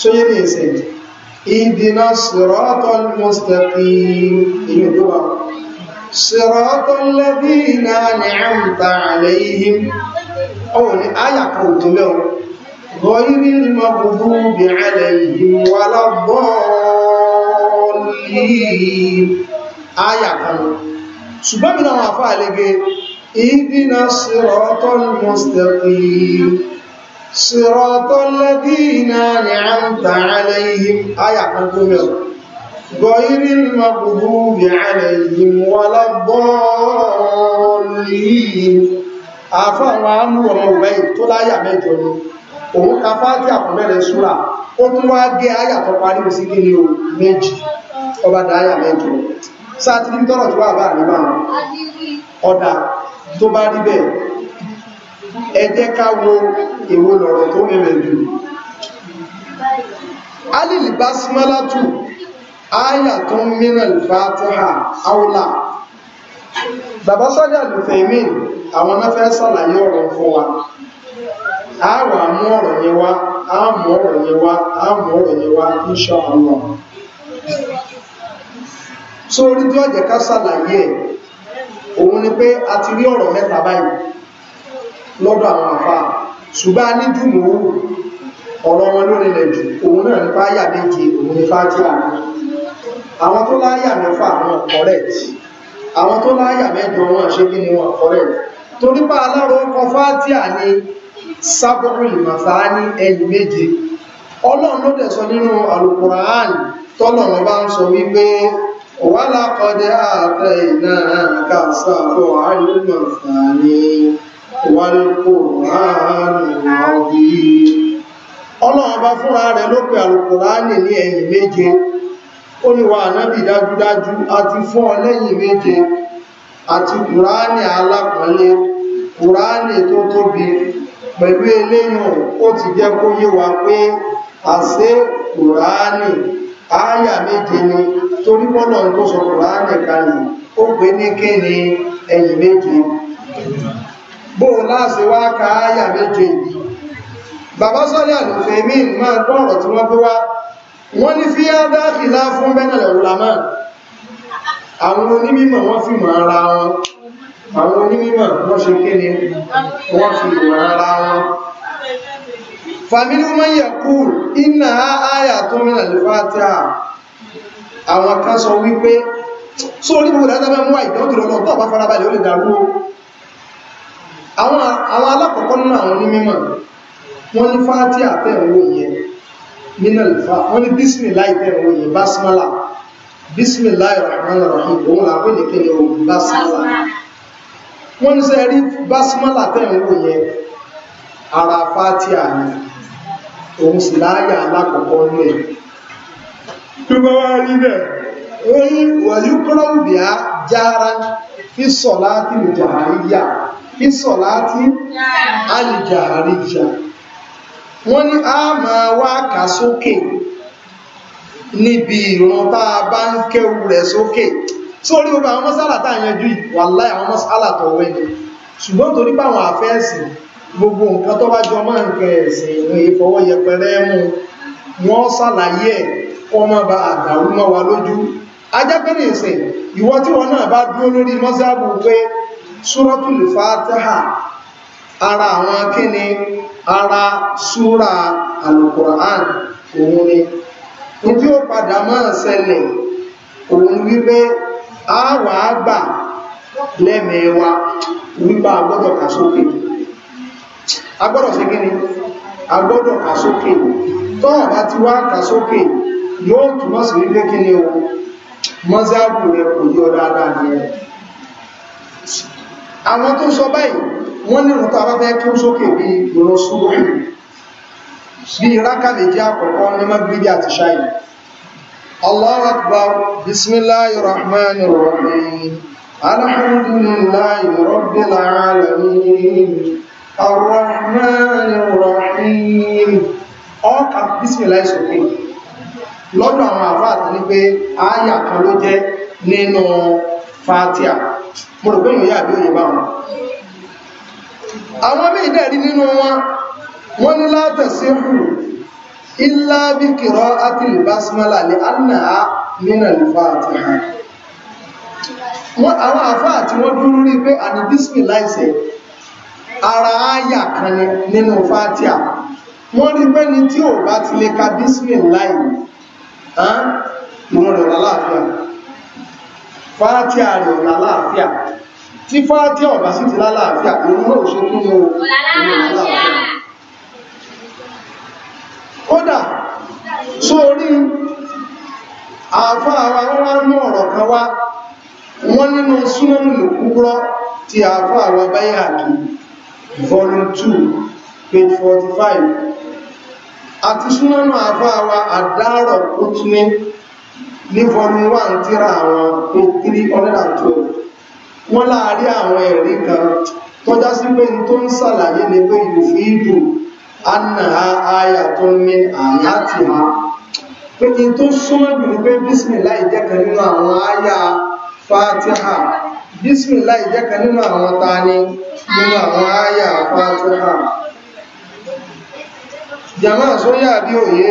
sóyé ní ìsìn ìdìnà siratal mustaqim èyí tó wà siratal ladina an'amta alayhim ọwọ́ ni àyà kan tó mẹ́wọ́ gọ́yìrí mọ́gbùgbù bí alayhim wà lábọ́ọ̀lì àyà kan ṣùgbọ́n mi náà wà fà صراط الذين أنعمت عليهم آية مكتوبة غير المغضوب عليهم ولا الضالين àfáàwọn àánú ọmọ òbẹ́yìn tó láyà mẹ́jọ ni òun ka fáájì àkọ́mẹ́rẹ̀ súra ó tún wá gé àyà tó parí sí kí ni o méjì ọba dá mẹ́jọ sáà tí ní tọ́rọ̀ tó wà bá àríwá ọ̀dà tó bá rí bẹ́ẹ̀ ẹ jẹ́ ká wo èwo lọ̀rọ̀ tó mẹ́rẹ̀ jù alìlì bá símọ́látù áyà tó ń mìíràn fàtíhà áwùlà bàbá sọ́jà lùfẹ̀mí àwọn náà fẹ́ sàlàyé ọ̀rọ̀ fún wa a wà mú ọ̀rọ̀ yẹn wá a mú ọ̀rọ̀ yẹn wá a mú ọ̀rọ̀ yẹn wá insha Allah so orí tí ọ̀jẹ̀ ká sàlàyé ẹ̀ òun ni pé a ti rí ọ̀rọ̀ mẹ́ta báyìí lọ́dọ̀ àwọn àfà ṣùgbọ́n a ní jùmọ̀ òwò ọ̀rọ̀ wọn lórí ilẹ̀ jù òun náà ní fáyà méje òun ní fájíà àwọn tó láyà mẹ́fà wọn correct àwọn tó láyà mẹ́jọ wọn ṣe kí ni wọn correct torí pa alárò ọkọ̀ fájíà ni sábọ̀rún ìmọ̀sáání ẹ̀yìn méje ọlọ́run ló dẹ̀ sọ nínú alukuraan tọ́lọ̀run bá ń sọ wípé wà lákọ̀ọ́dẹ́ ààfẹ́ ìnáà kà sábọ̀ àìlúmọ̀sáání ọlọ́run bá fúnra rẹ̀ ló pè àlùkùránì ní ẹ̀yìn méje ó ni wa ànábì dájúdájú àti fún ọ lẹ́yìn méje àti kùránì alápọ̀lé kùránì tó tóbi pẹ̀lú eléyìn ó ti jẹ́ kó yé wa pé àṣẹ kùránì ááyà méje ni torí bọ́lọ̀ tó sọ bó láàṣẹ wá ka áyà méje yìí bàbá sọ́lẹ̀ àlùfẹ́ mi máa gbọ́ ọ̀rọ̀ tí wọ́n fi wá wọ́n ní fi ádá ìlà fún bẹ́nà lọ́lámà àwọn onímọ̀ wọ́n fi mọ̀ ara wọn àwọn onímọ̀ wọ́n ṣe kí ni wọ́n fi mọ̀ ara wọn fàmílù mọ́ yẹ̀kú iná áyà tó mìnà lè fàtíà àwọn kan sọ wípé sórí gbogbo dáadáa mẹ́mú àìdán tó lọ́nà tó àbá farabalẹ̀ ó lè dàrú àwọn alákọ̀ọ́kọ́ nínú àwọn onímọ̀ wọ́n ní fáátì àtẹ̀wò yẹn nínú ìfà wọ́n ní bísmìláì tẹ̀wò yẹn básmálà bísmìláì rahmanir rahim òun làwọn ènìyàn ní ohun básmálà wọ́n ní sẹ́ rí básmálà tẹ̀wò yẹn ara fáátì àmì òun sì láyà alákọ̀ọ́kọ́ nínú ẹ̀ tó bá wá rí bẹ́ẹ̀ ó ní wàyúkọ́rọ̀ bíá jára fi sọ̀ láti lè jà àríyá fi sọ̀lá tí alìjà àríjà wọ́n ní a máa wá kà sókè níbi ìrun tá a bá ń kéwú rẹ̀ sókè sórí gbogbo àwọn mọ́sálà tá à ń yanjú wàláhì àwọn mọ́sálà tó wẹ́ ni ṣùgbọ́n torí báwọn àfẹ́ẹ̀sì gbogbo nǹkan tó bá jọ máa ń kẹ ẹ̀sìn ìrìn ìfọwọ́ yẹpẹrẹ mú wọ́n ṣàlàyé ẹ̀ kọ́ mọ́ bá àdàrú mọ́ wa lójú ajẹ́pẹ́rẹ́ ìsìn ìwọ tí wọn náà bá dúró lórí mọ́sáàbù Suratul Fatiha ara àwọn kíni ara súra Al-Qur'an òun ni ní tí ó padà máa ṣẹlẹ̀ òun wípé a wà á gbà lẹ́mẹ̀ẹ́wà wípé a gbọ́dọ̀ kà sókè a gbọ́dọ̀ sí kíni a gbọ́dọ̀ kà sókè tọ́ọ̀ ti wá kà yóò túnmọ̀ sí wípé kíni o mọ́sáàbù rẹ̀ kò yọ dáadáa ni ẹ̀ àwọn tó sọ báyìí wọ́n ní ìrùn tàbá fẹ́ kí ó sókè bí ìrùn súnmọ́ bí ìrákà lè jẹ́ àkọ́kọ́ ní magbidi àti ṣáyì Allahu akbar bismillahir rahmanir rahim alhamdulillahi rabbil alamin arrahmanir rahim àwọn àfáà tó ní pé ááyà kan ló jẹ́ nínú Fatiha mo rò pé mo yà bí òye bá wọn àwọn míì dẹ̀rí nínú wọn wọ́n ní látẹ̀sí hù ilá bí kìrọ átìlì basmala ní annaha nínà lùfà àti ha àwọn àfáà tí wọ́n dúró rí pé àní bísmì ara áyà kan ni nínú fátíà wọ́n rí pé ní tí ò bá ti lè ka bísmì láì ìwọ̀n rẹ̀ rọ̀ fáátì ààrẹ ọ̀la láàfíà tí fáátì ọ̀bá sì ti lálàáfíà òun náà ṣe kí ni o kódà sórí àáfàá wa wọ́n wá mú ọ̀rọ̀ kan wá wọ́n nínú súnmọ́nù lòkúrọ́ ti àáfàá wa báyà kì volume 2 page 45 àti súnmọ́nù àáfàá wa àdárọ̀ kútúní ní volume one tíra àwọn tó three hundred and twelve wọ́n láàárín àwọn ẹ̀rí kan tọ́já sí pé n tó ń ṣàlàyé ni pé yòfíìdù anaha aya tó ní àyà tì ha pé n tó súnmọ́ jù ní pé bísímìláì jẹ́ kan nínú àwọn aya fatiha bísímìláì jẹ́ nínú àwọn tani nínú àwọn aya fatiha jama sóyà bí òye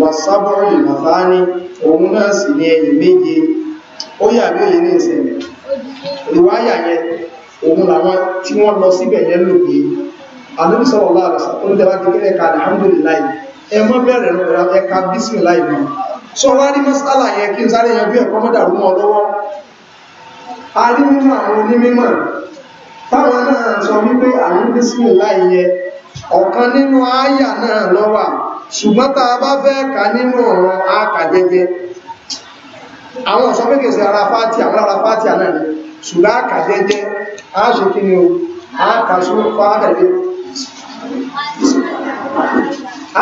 wàsábọ̀rọ̀ ìmọ̀fání òun náà sì ní ẹ̀yìn méje ó yà bí òye ní ìsẹ̀lẹ̀ ìwáyà yẹn òun làwọn tí wọ́n lọ síbẹ̀ yẹn lò pé àlóbi sọ̀rọ̀ láàrọ̀sà ó ń tẹ́lá kékeré ka alhamdulilayi ẹ mọ́ bẹ̀rẹ̀ lọ́ra ẹ ka bísíláì mọ́ sọ wá rí mọ́sálà yẹn kí n sáré yẹn bí nínú ááyà náà lọ́wọ́ ṣùgbọ́n tá a bá fẹ́ kà nínú ọ̀rọ̀ àkàjẹjẹ àwọn ọ̀sán méjèèsì ara fáti àwọn ara fáti àná ni ṣùgbọ́n àkàjẹjẹ a ṣe kí ni o àkàṣú fáàdẹ̀dẹ̀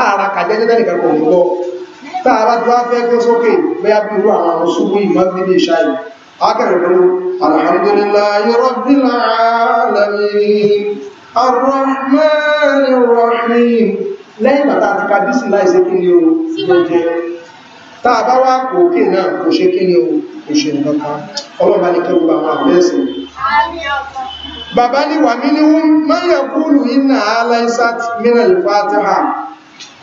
ara kàjẹjẹ tẹ́nìkan kò ní lọ tá a bá tó wá fẹ́ gbé sókè bẹ́ẹ̀ bí irú àwọn ọmọ ṣubú ìmọ̀gbẹ́dẹ̀ ṣáyìí akẹ́rẹ̀kọ́lú alhamdulillahi rabbil rahim lẹ́yìn bàtà àti kàbísì láìsí kí ni o ló jẹ tá a bá wá kò òkè náà kò ṣe kí ni o kò ṣe nǹkan kan ọlọ́ba ní kẹrù bá wọn àbẹ́sì bàbá ní wà mí ní wọn mọ́yà kúlù iná aláìsàt mìíràn fatiha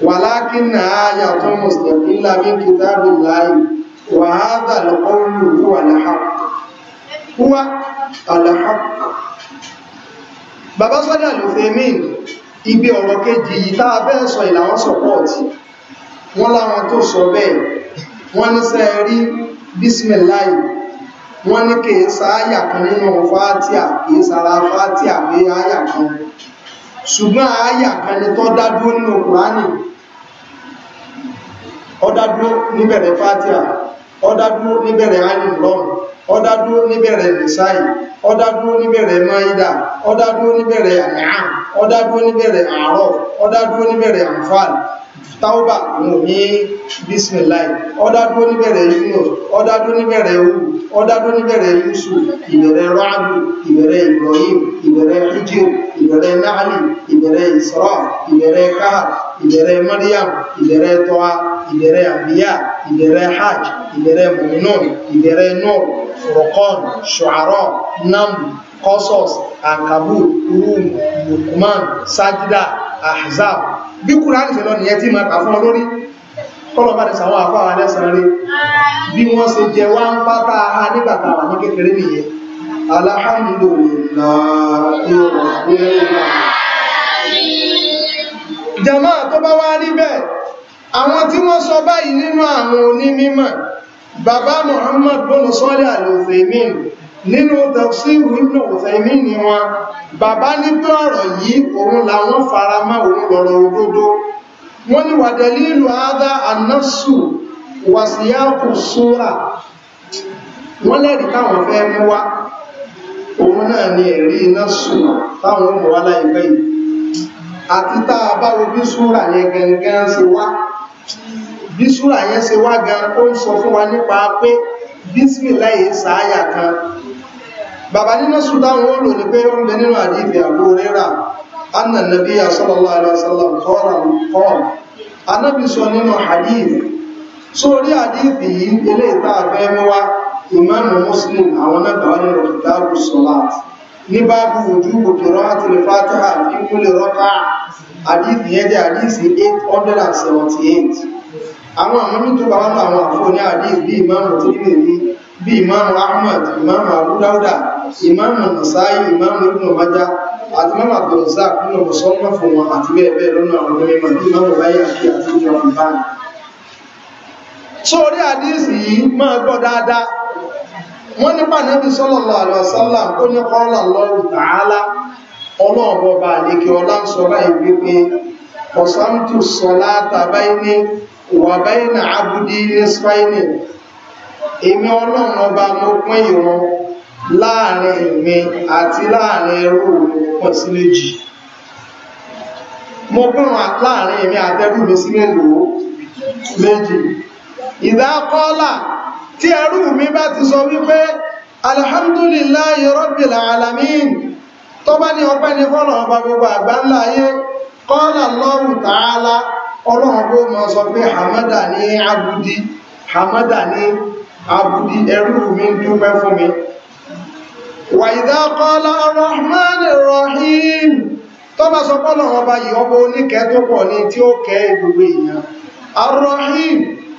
wà láàkí nà á yàtọ̀ mùsùlùmí ibi ọ̀rọ̀ kejì yìí tá a bẹ́ẹ̀ sọ ìlàwọ́n sọ̀pọ̀tì wọ́n láwọn tó sọ bẹ́ẹ̀ wọ́n ní sẹ́ rí bísmìláì wọ́n ní kìí sááyà kan nínú fátíà kìí sára fátíà pé áyà kan ṣùgbọ́n áyà kan ni tó dádúró nínú kùránì ó dádúró níbẹ̀rẹ̀ fátíà ọdádúró níbẹ̀rẹ̀ alìlọ́m ọdádúró níbẹ̀rẹ̀ nìsáì ọdádúró níbẹ̀rẹ̀ maida ọdádúró níbẹ̀rẹ̀ àmìhàn ọdádúró níbẹ̀rẹ̀ àárọ̀ ọdádúró níbẹ̀rẹ̀ àǹfààl tauba mo ní bismillah ọdádúró níbẹ̀rẹ̀ yúnò ọdádúró níbẹ̀rẹ̀ ewu ọdádúró níbẹ̀rẹ̀ yusu ìbẹ̀rẹ̀ rọ́àdù ìbẹ̀rẹ̀ ibrahim ìbẹ̀rẹ̀ ìbẹ̀rẹ̀ nahali ìbẹ̀rẹ̀ isra ìbẹ̀rẹ̀ ìdẹ̀rẹ̀ Maryam ìdẹ̀rẹ̀ tọ́a ìdẹ̀rẹ̀ àbíyà ìdẹ̀rẹ̀ hajj ìdẹ̀rẹ̀ mọ̀mínún ìdẹ̀rẹ̀ nur furqan shu'ara naml qasas ankabut rum lukman sajida ahzab bí kúránì ṣe lọ nìyẹn tí ma kà fún ọ lórí kọlọ̀bá ti sàwọn àfáà alẹ́sànrí bí wọ́n ṣe jẹ wá alhamdulillah jama tó bá wá rí bẹ́ẹ̀ àwọn tí wọ́n sọ báyìí nínú àwọn onímímọ̀ bàbá Muhammad bọ́nà sọ́lẹ̀ àlòfèmín nínú tafsiru ni wọn bàbá nígbẹ́ ọ̀rọ̀ yìí òun làwọn farama òun lọ̀rọ̀ òdodo wọ́n ní wa dalilu hadha annasu wa siyaqu sura wọ́n lẹ́rìí káwọn fẹ́ mú wá òun náà ni ẹ̀rí iná sùn táwọn ọmọ wá láìpẹ́ yìí àti tá a bá wo bí súra yẹn gangan ṣe wá bí súra yẹn ṣe wá gan ó ń sọ fún wa nípa pé bísmìláì sàáyà kan bàbá nínú súdá wọn ó lò ní pé ó ń bẹ nínú àdífẹ́ àbú rírà anna nabi sallallahu alaihi wasallam qala qala anábì sọ nínú hadith sórí yìí eléyìí tá a fẹ́ mú wá àwọn náà nínú kìtàbù sọláàtì ní báàbù ojú kòkòrò àti lè fàtíhà ní kúlè rọ́kà àdíìsì yẹn jẹ́ àdíìsì 878 àwọn àmọ́mí tó bá wọ́n àwọn àfọ́ ní àdíìsì bí ìmáàmù Tirmidhi bí ìmáàmù Ahmad ìmáàmù Abu Dawuda ìmáàmù Nasa'i ìmáàmù Ibn Majah àti mọ́mà àbdùnsá wọ́n nípa nẹ́bí sallallahu alaihi wasallam ó ní kọ́lá lọ́rù tààlá ọlọ́ọ̀bọ̀ bá lékè ọlá ń sọ láì ọ̀sántù sọlá tàbáyé wà báyé ní spaini èmi ọba mo pín láàrin tí ẹrú mi bá ti sọ wípé alhamdulillah rabbil alamin tó bá ní ọpẹ́ ní fọ́nà ọba gbogbo ayé ta'ala ọlọ́run kó sọ pé hamada ní abudi hamada ní abudi ẹrú mi dúpẹ́ fún mi ọba yìí oníkẹ́ tó pọ̀ ní tí ó kẹ́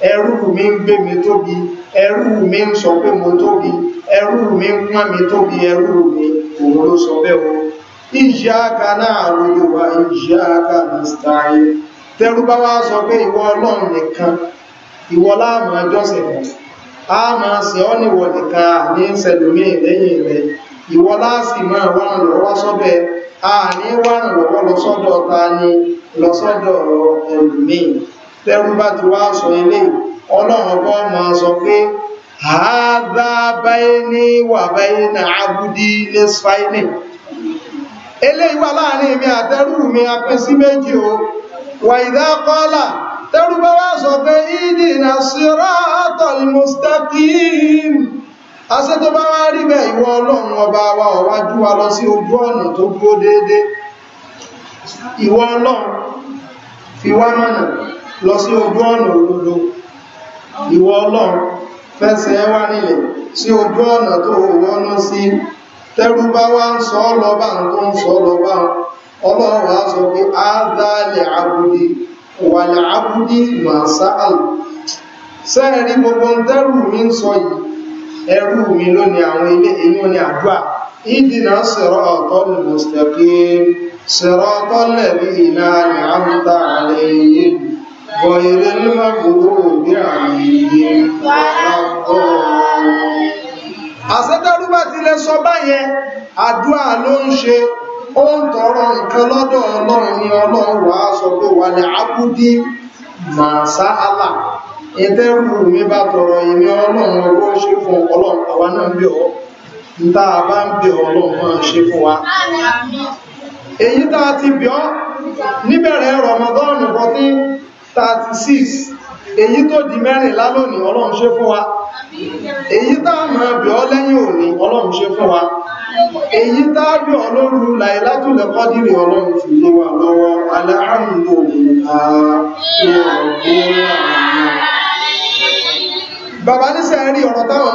ẹrú mi ń gbé mi tóbi ẹrú mi ń sọ pé mo tóbi ẹrú mi ń pọ́n mi tóbi ẹrú mi òun ló sọ bẹ́ẹ̀ o iyyaka na'budu wa iyyaka nasta'in tẹ́rú bá wá sọ pé ìwọ ọlọ́run nìkan ìwọ láàmú ẹjọ́sẹ̀ fún a máa ṣe ọ́ níwọ̀ nìkan ní sẹlómi lẹ́yìn rẹ̀ ìwọ láàsì máa wá ń lọ́wọ́ sọ́bẹ̀ a ní wá ń lọ́wọ́ lọ ta ni lọ ẹlòmíì tẹ́rú bá ti wá sọ ilé ọlọ́run bọ́ máa sọ pé àádá báyé ní wà báyé ní agúdí lé sfáìlì eléyìí wà láàrin mi àtẹ́rù mi apẹ́ sí méjì o wà ìdákọ́lá tẹ́rù bá wá sọ pé ìdí na sírá àtọ̀lmùstákìm asẹ́ tó bá wá rí bẹ́ ìwọ ọlọ́run ọba wa ọ̀wájú wa lọ sí ojú ọ̀nà òdodo ìwọ ọlọ́run fẹsẹ̀ wá nílẹ̀ sí ojú ọ̀nà tó wọ́nú sí tẹ́rú bá wá ń sọ lọ́bà tó ń sọ lọ́bà ọlọ́run á sọ pé á dálẹ̀ àbúdí wàlẹ̀ àbúdí màsáàlù sẹ́ẹ̀rí gbogbo tẹ́rù mi ń ìdínà sẹ̀rọ ọ̀tọ́ ni sẹ̀rọ ọ̀tọ́ lẹ̀bí ìlànà àmúta àlẹ́ yìí غير المغضوب عليهم ولا الضالين ti lè sọ báyẹn àdúrà ló ń ṣe ó ń tọrọ nǹkan lọ́dọ̀ ọlọ́run ni ọlọ́run sọ pé wà ní ẹtẹ́rù mi bá tọrọ ìní ọlọ́run ṣe fún ọlọ́run wa a 36 èyí tó di mẹ́rìnlá lónìí ọlọ́run ṣe fún wa èyí tá a máa bẹ̀ ọ́ lẹ́yìn òní ọlọ́run ṣe fún wa èyí tá a bẹ̀ ọ́ lóru láìlátùlẹ̀ kọ́dìrì ọlọ́run fi lé wa lọ́wọ́ aláàrùn bàbá níṣẹ́ rí ọ̀rọ̀ táwọn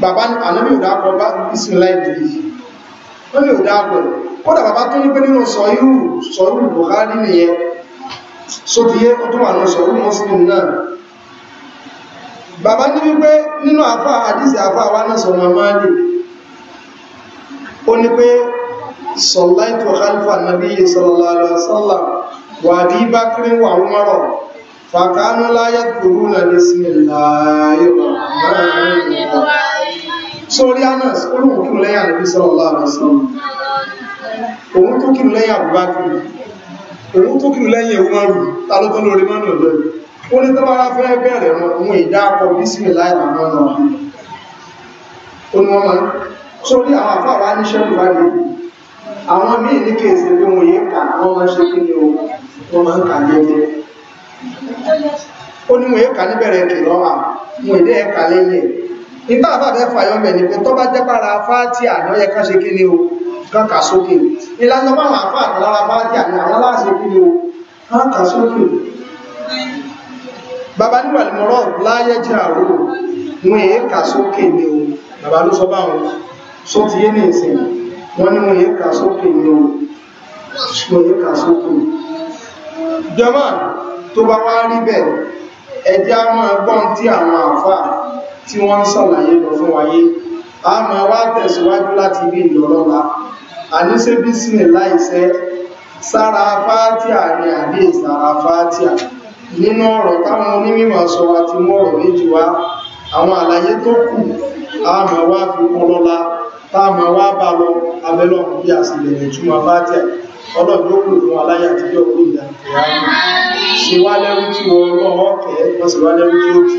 bàbá ànábì ò dákọ̀ bá ìsìnlá ìdìrí wọ́n lè ò dákọ̀ kódà bàbá tó ní pé nínú sọ̀rọ̀ sọ̀rọ̀ Buhari nìyẹn sókìyé ọdún wà ní sọ̀rọ̀ Muslim náà bàbá ní wípé nínú àfà àdísì àfà wà náà sọ̀rọ̀ mamadi ó ní pé sọ̀láìtò khalifa nàbí sallallahu alaihi wasallam wà sórí anas olóhùn kí lẹ́yìn àdébí sallallahu alaihi wasallam òun tó kírù lẹ́yìn àbúbákì òun tó kírù lẹ́yìn ìwọ̀nrù tàlótọ́ lórí mọ́nà ọ̀dọ́ ó ní tọ́bára fẹ́ bẹ̀rẹ̀ wọn òun ìdá akọ bísímì láìmọ̀ náà ó ní wọ́n máa sórí àwọn àfáàrà níṣẹ́ ìwádìí àwọn míì ní kéèsì pé wọn yìí kà wọ́n máa ṣe kí ni o wọ́n máa ń kà jẹ́jẹ́ ó ní wọn yìí kà níbẹ̀rẹ̀ kìlọ́wà wọn ìdẹ́ ẹ̀ka lẹ́yìn nígbà àbábẹ́ fàyọ́mẹ̀ ní pé tó bá jẹ́ para fáàtì àná yẹ ká ṣe kíni o kan kà sókè ìlànà máwọn àfáàtì lára fáàtì àná àwọn aláṣẹ kíni o kan kà sókè bàbá níwà ní mọ́rọ̀ láyé jẹ́ àrò wọn èé kà sókè ni o bàbá ló sọ báwọn só ti yé ní ìsìn wọn ní wọn èé kà sókè ni o wọn èé kà sókè jọmọ tó bá tí wọ́n ń sàlàyé lọ fún wáyé a máa wá tẹ̀síwájú láti bí ìlọ́lọ́la àníṣe bísímì láìsẹ́ sára fátíà ni àbí ìsára fátíà nínú ọ̀rọ̀ táwọn onímọ̀ sọ àti mú ọ̀rọ̀ méjì wá àwọn àlàyé tó kù a máa wá fi kún tá a máa wá bá lọ abẹ́lọ́ bí àṣìlẹ̀ ìtumọ̀ fátíà ọlọ́dún ó kù fún aláyà tí yóò kú ìdàkùnrin ṣe wá lẹ́rú tí wọ́n lọ́wọ́ kẹ́ wọ́n sì wá lẹ́rú tí ó kí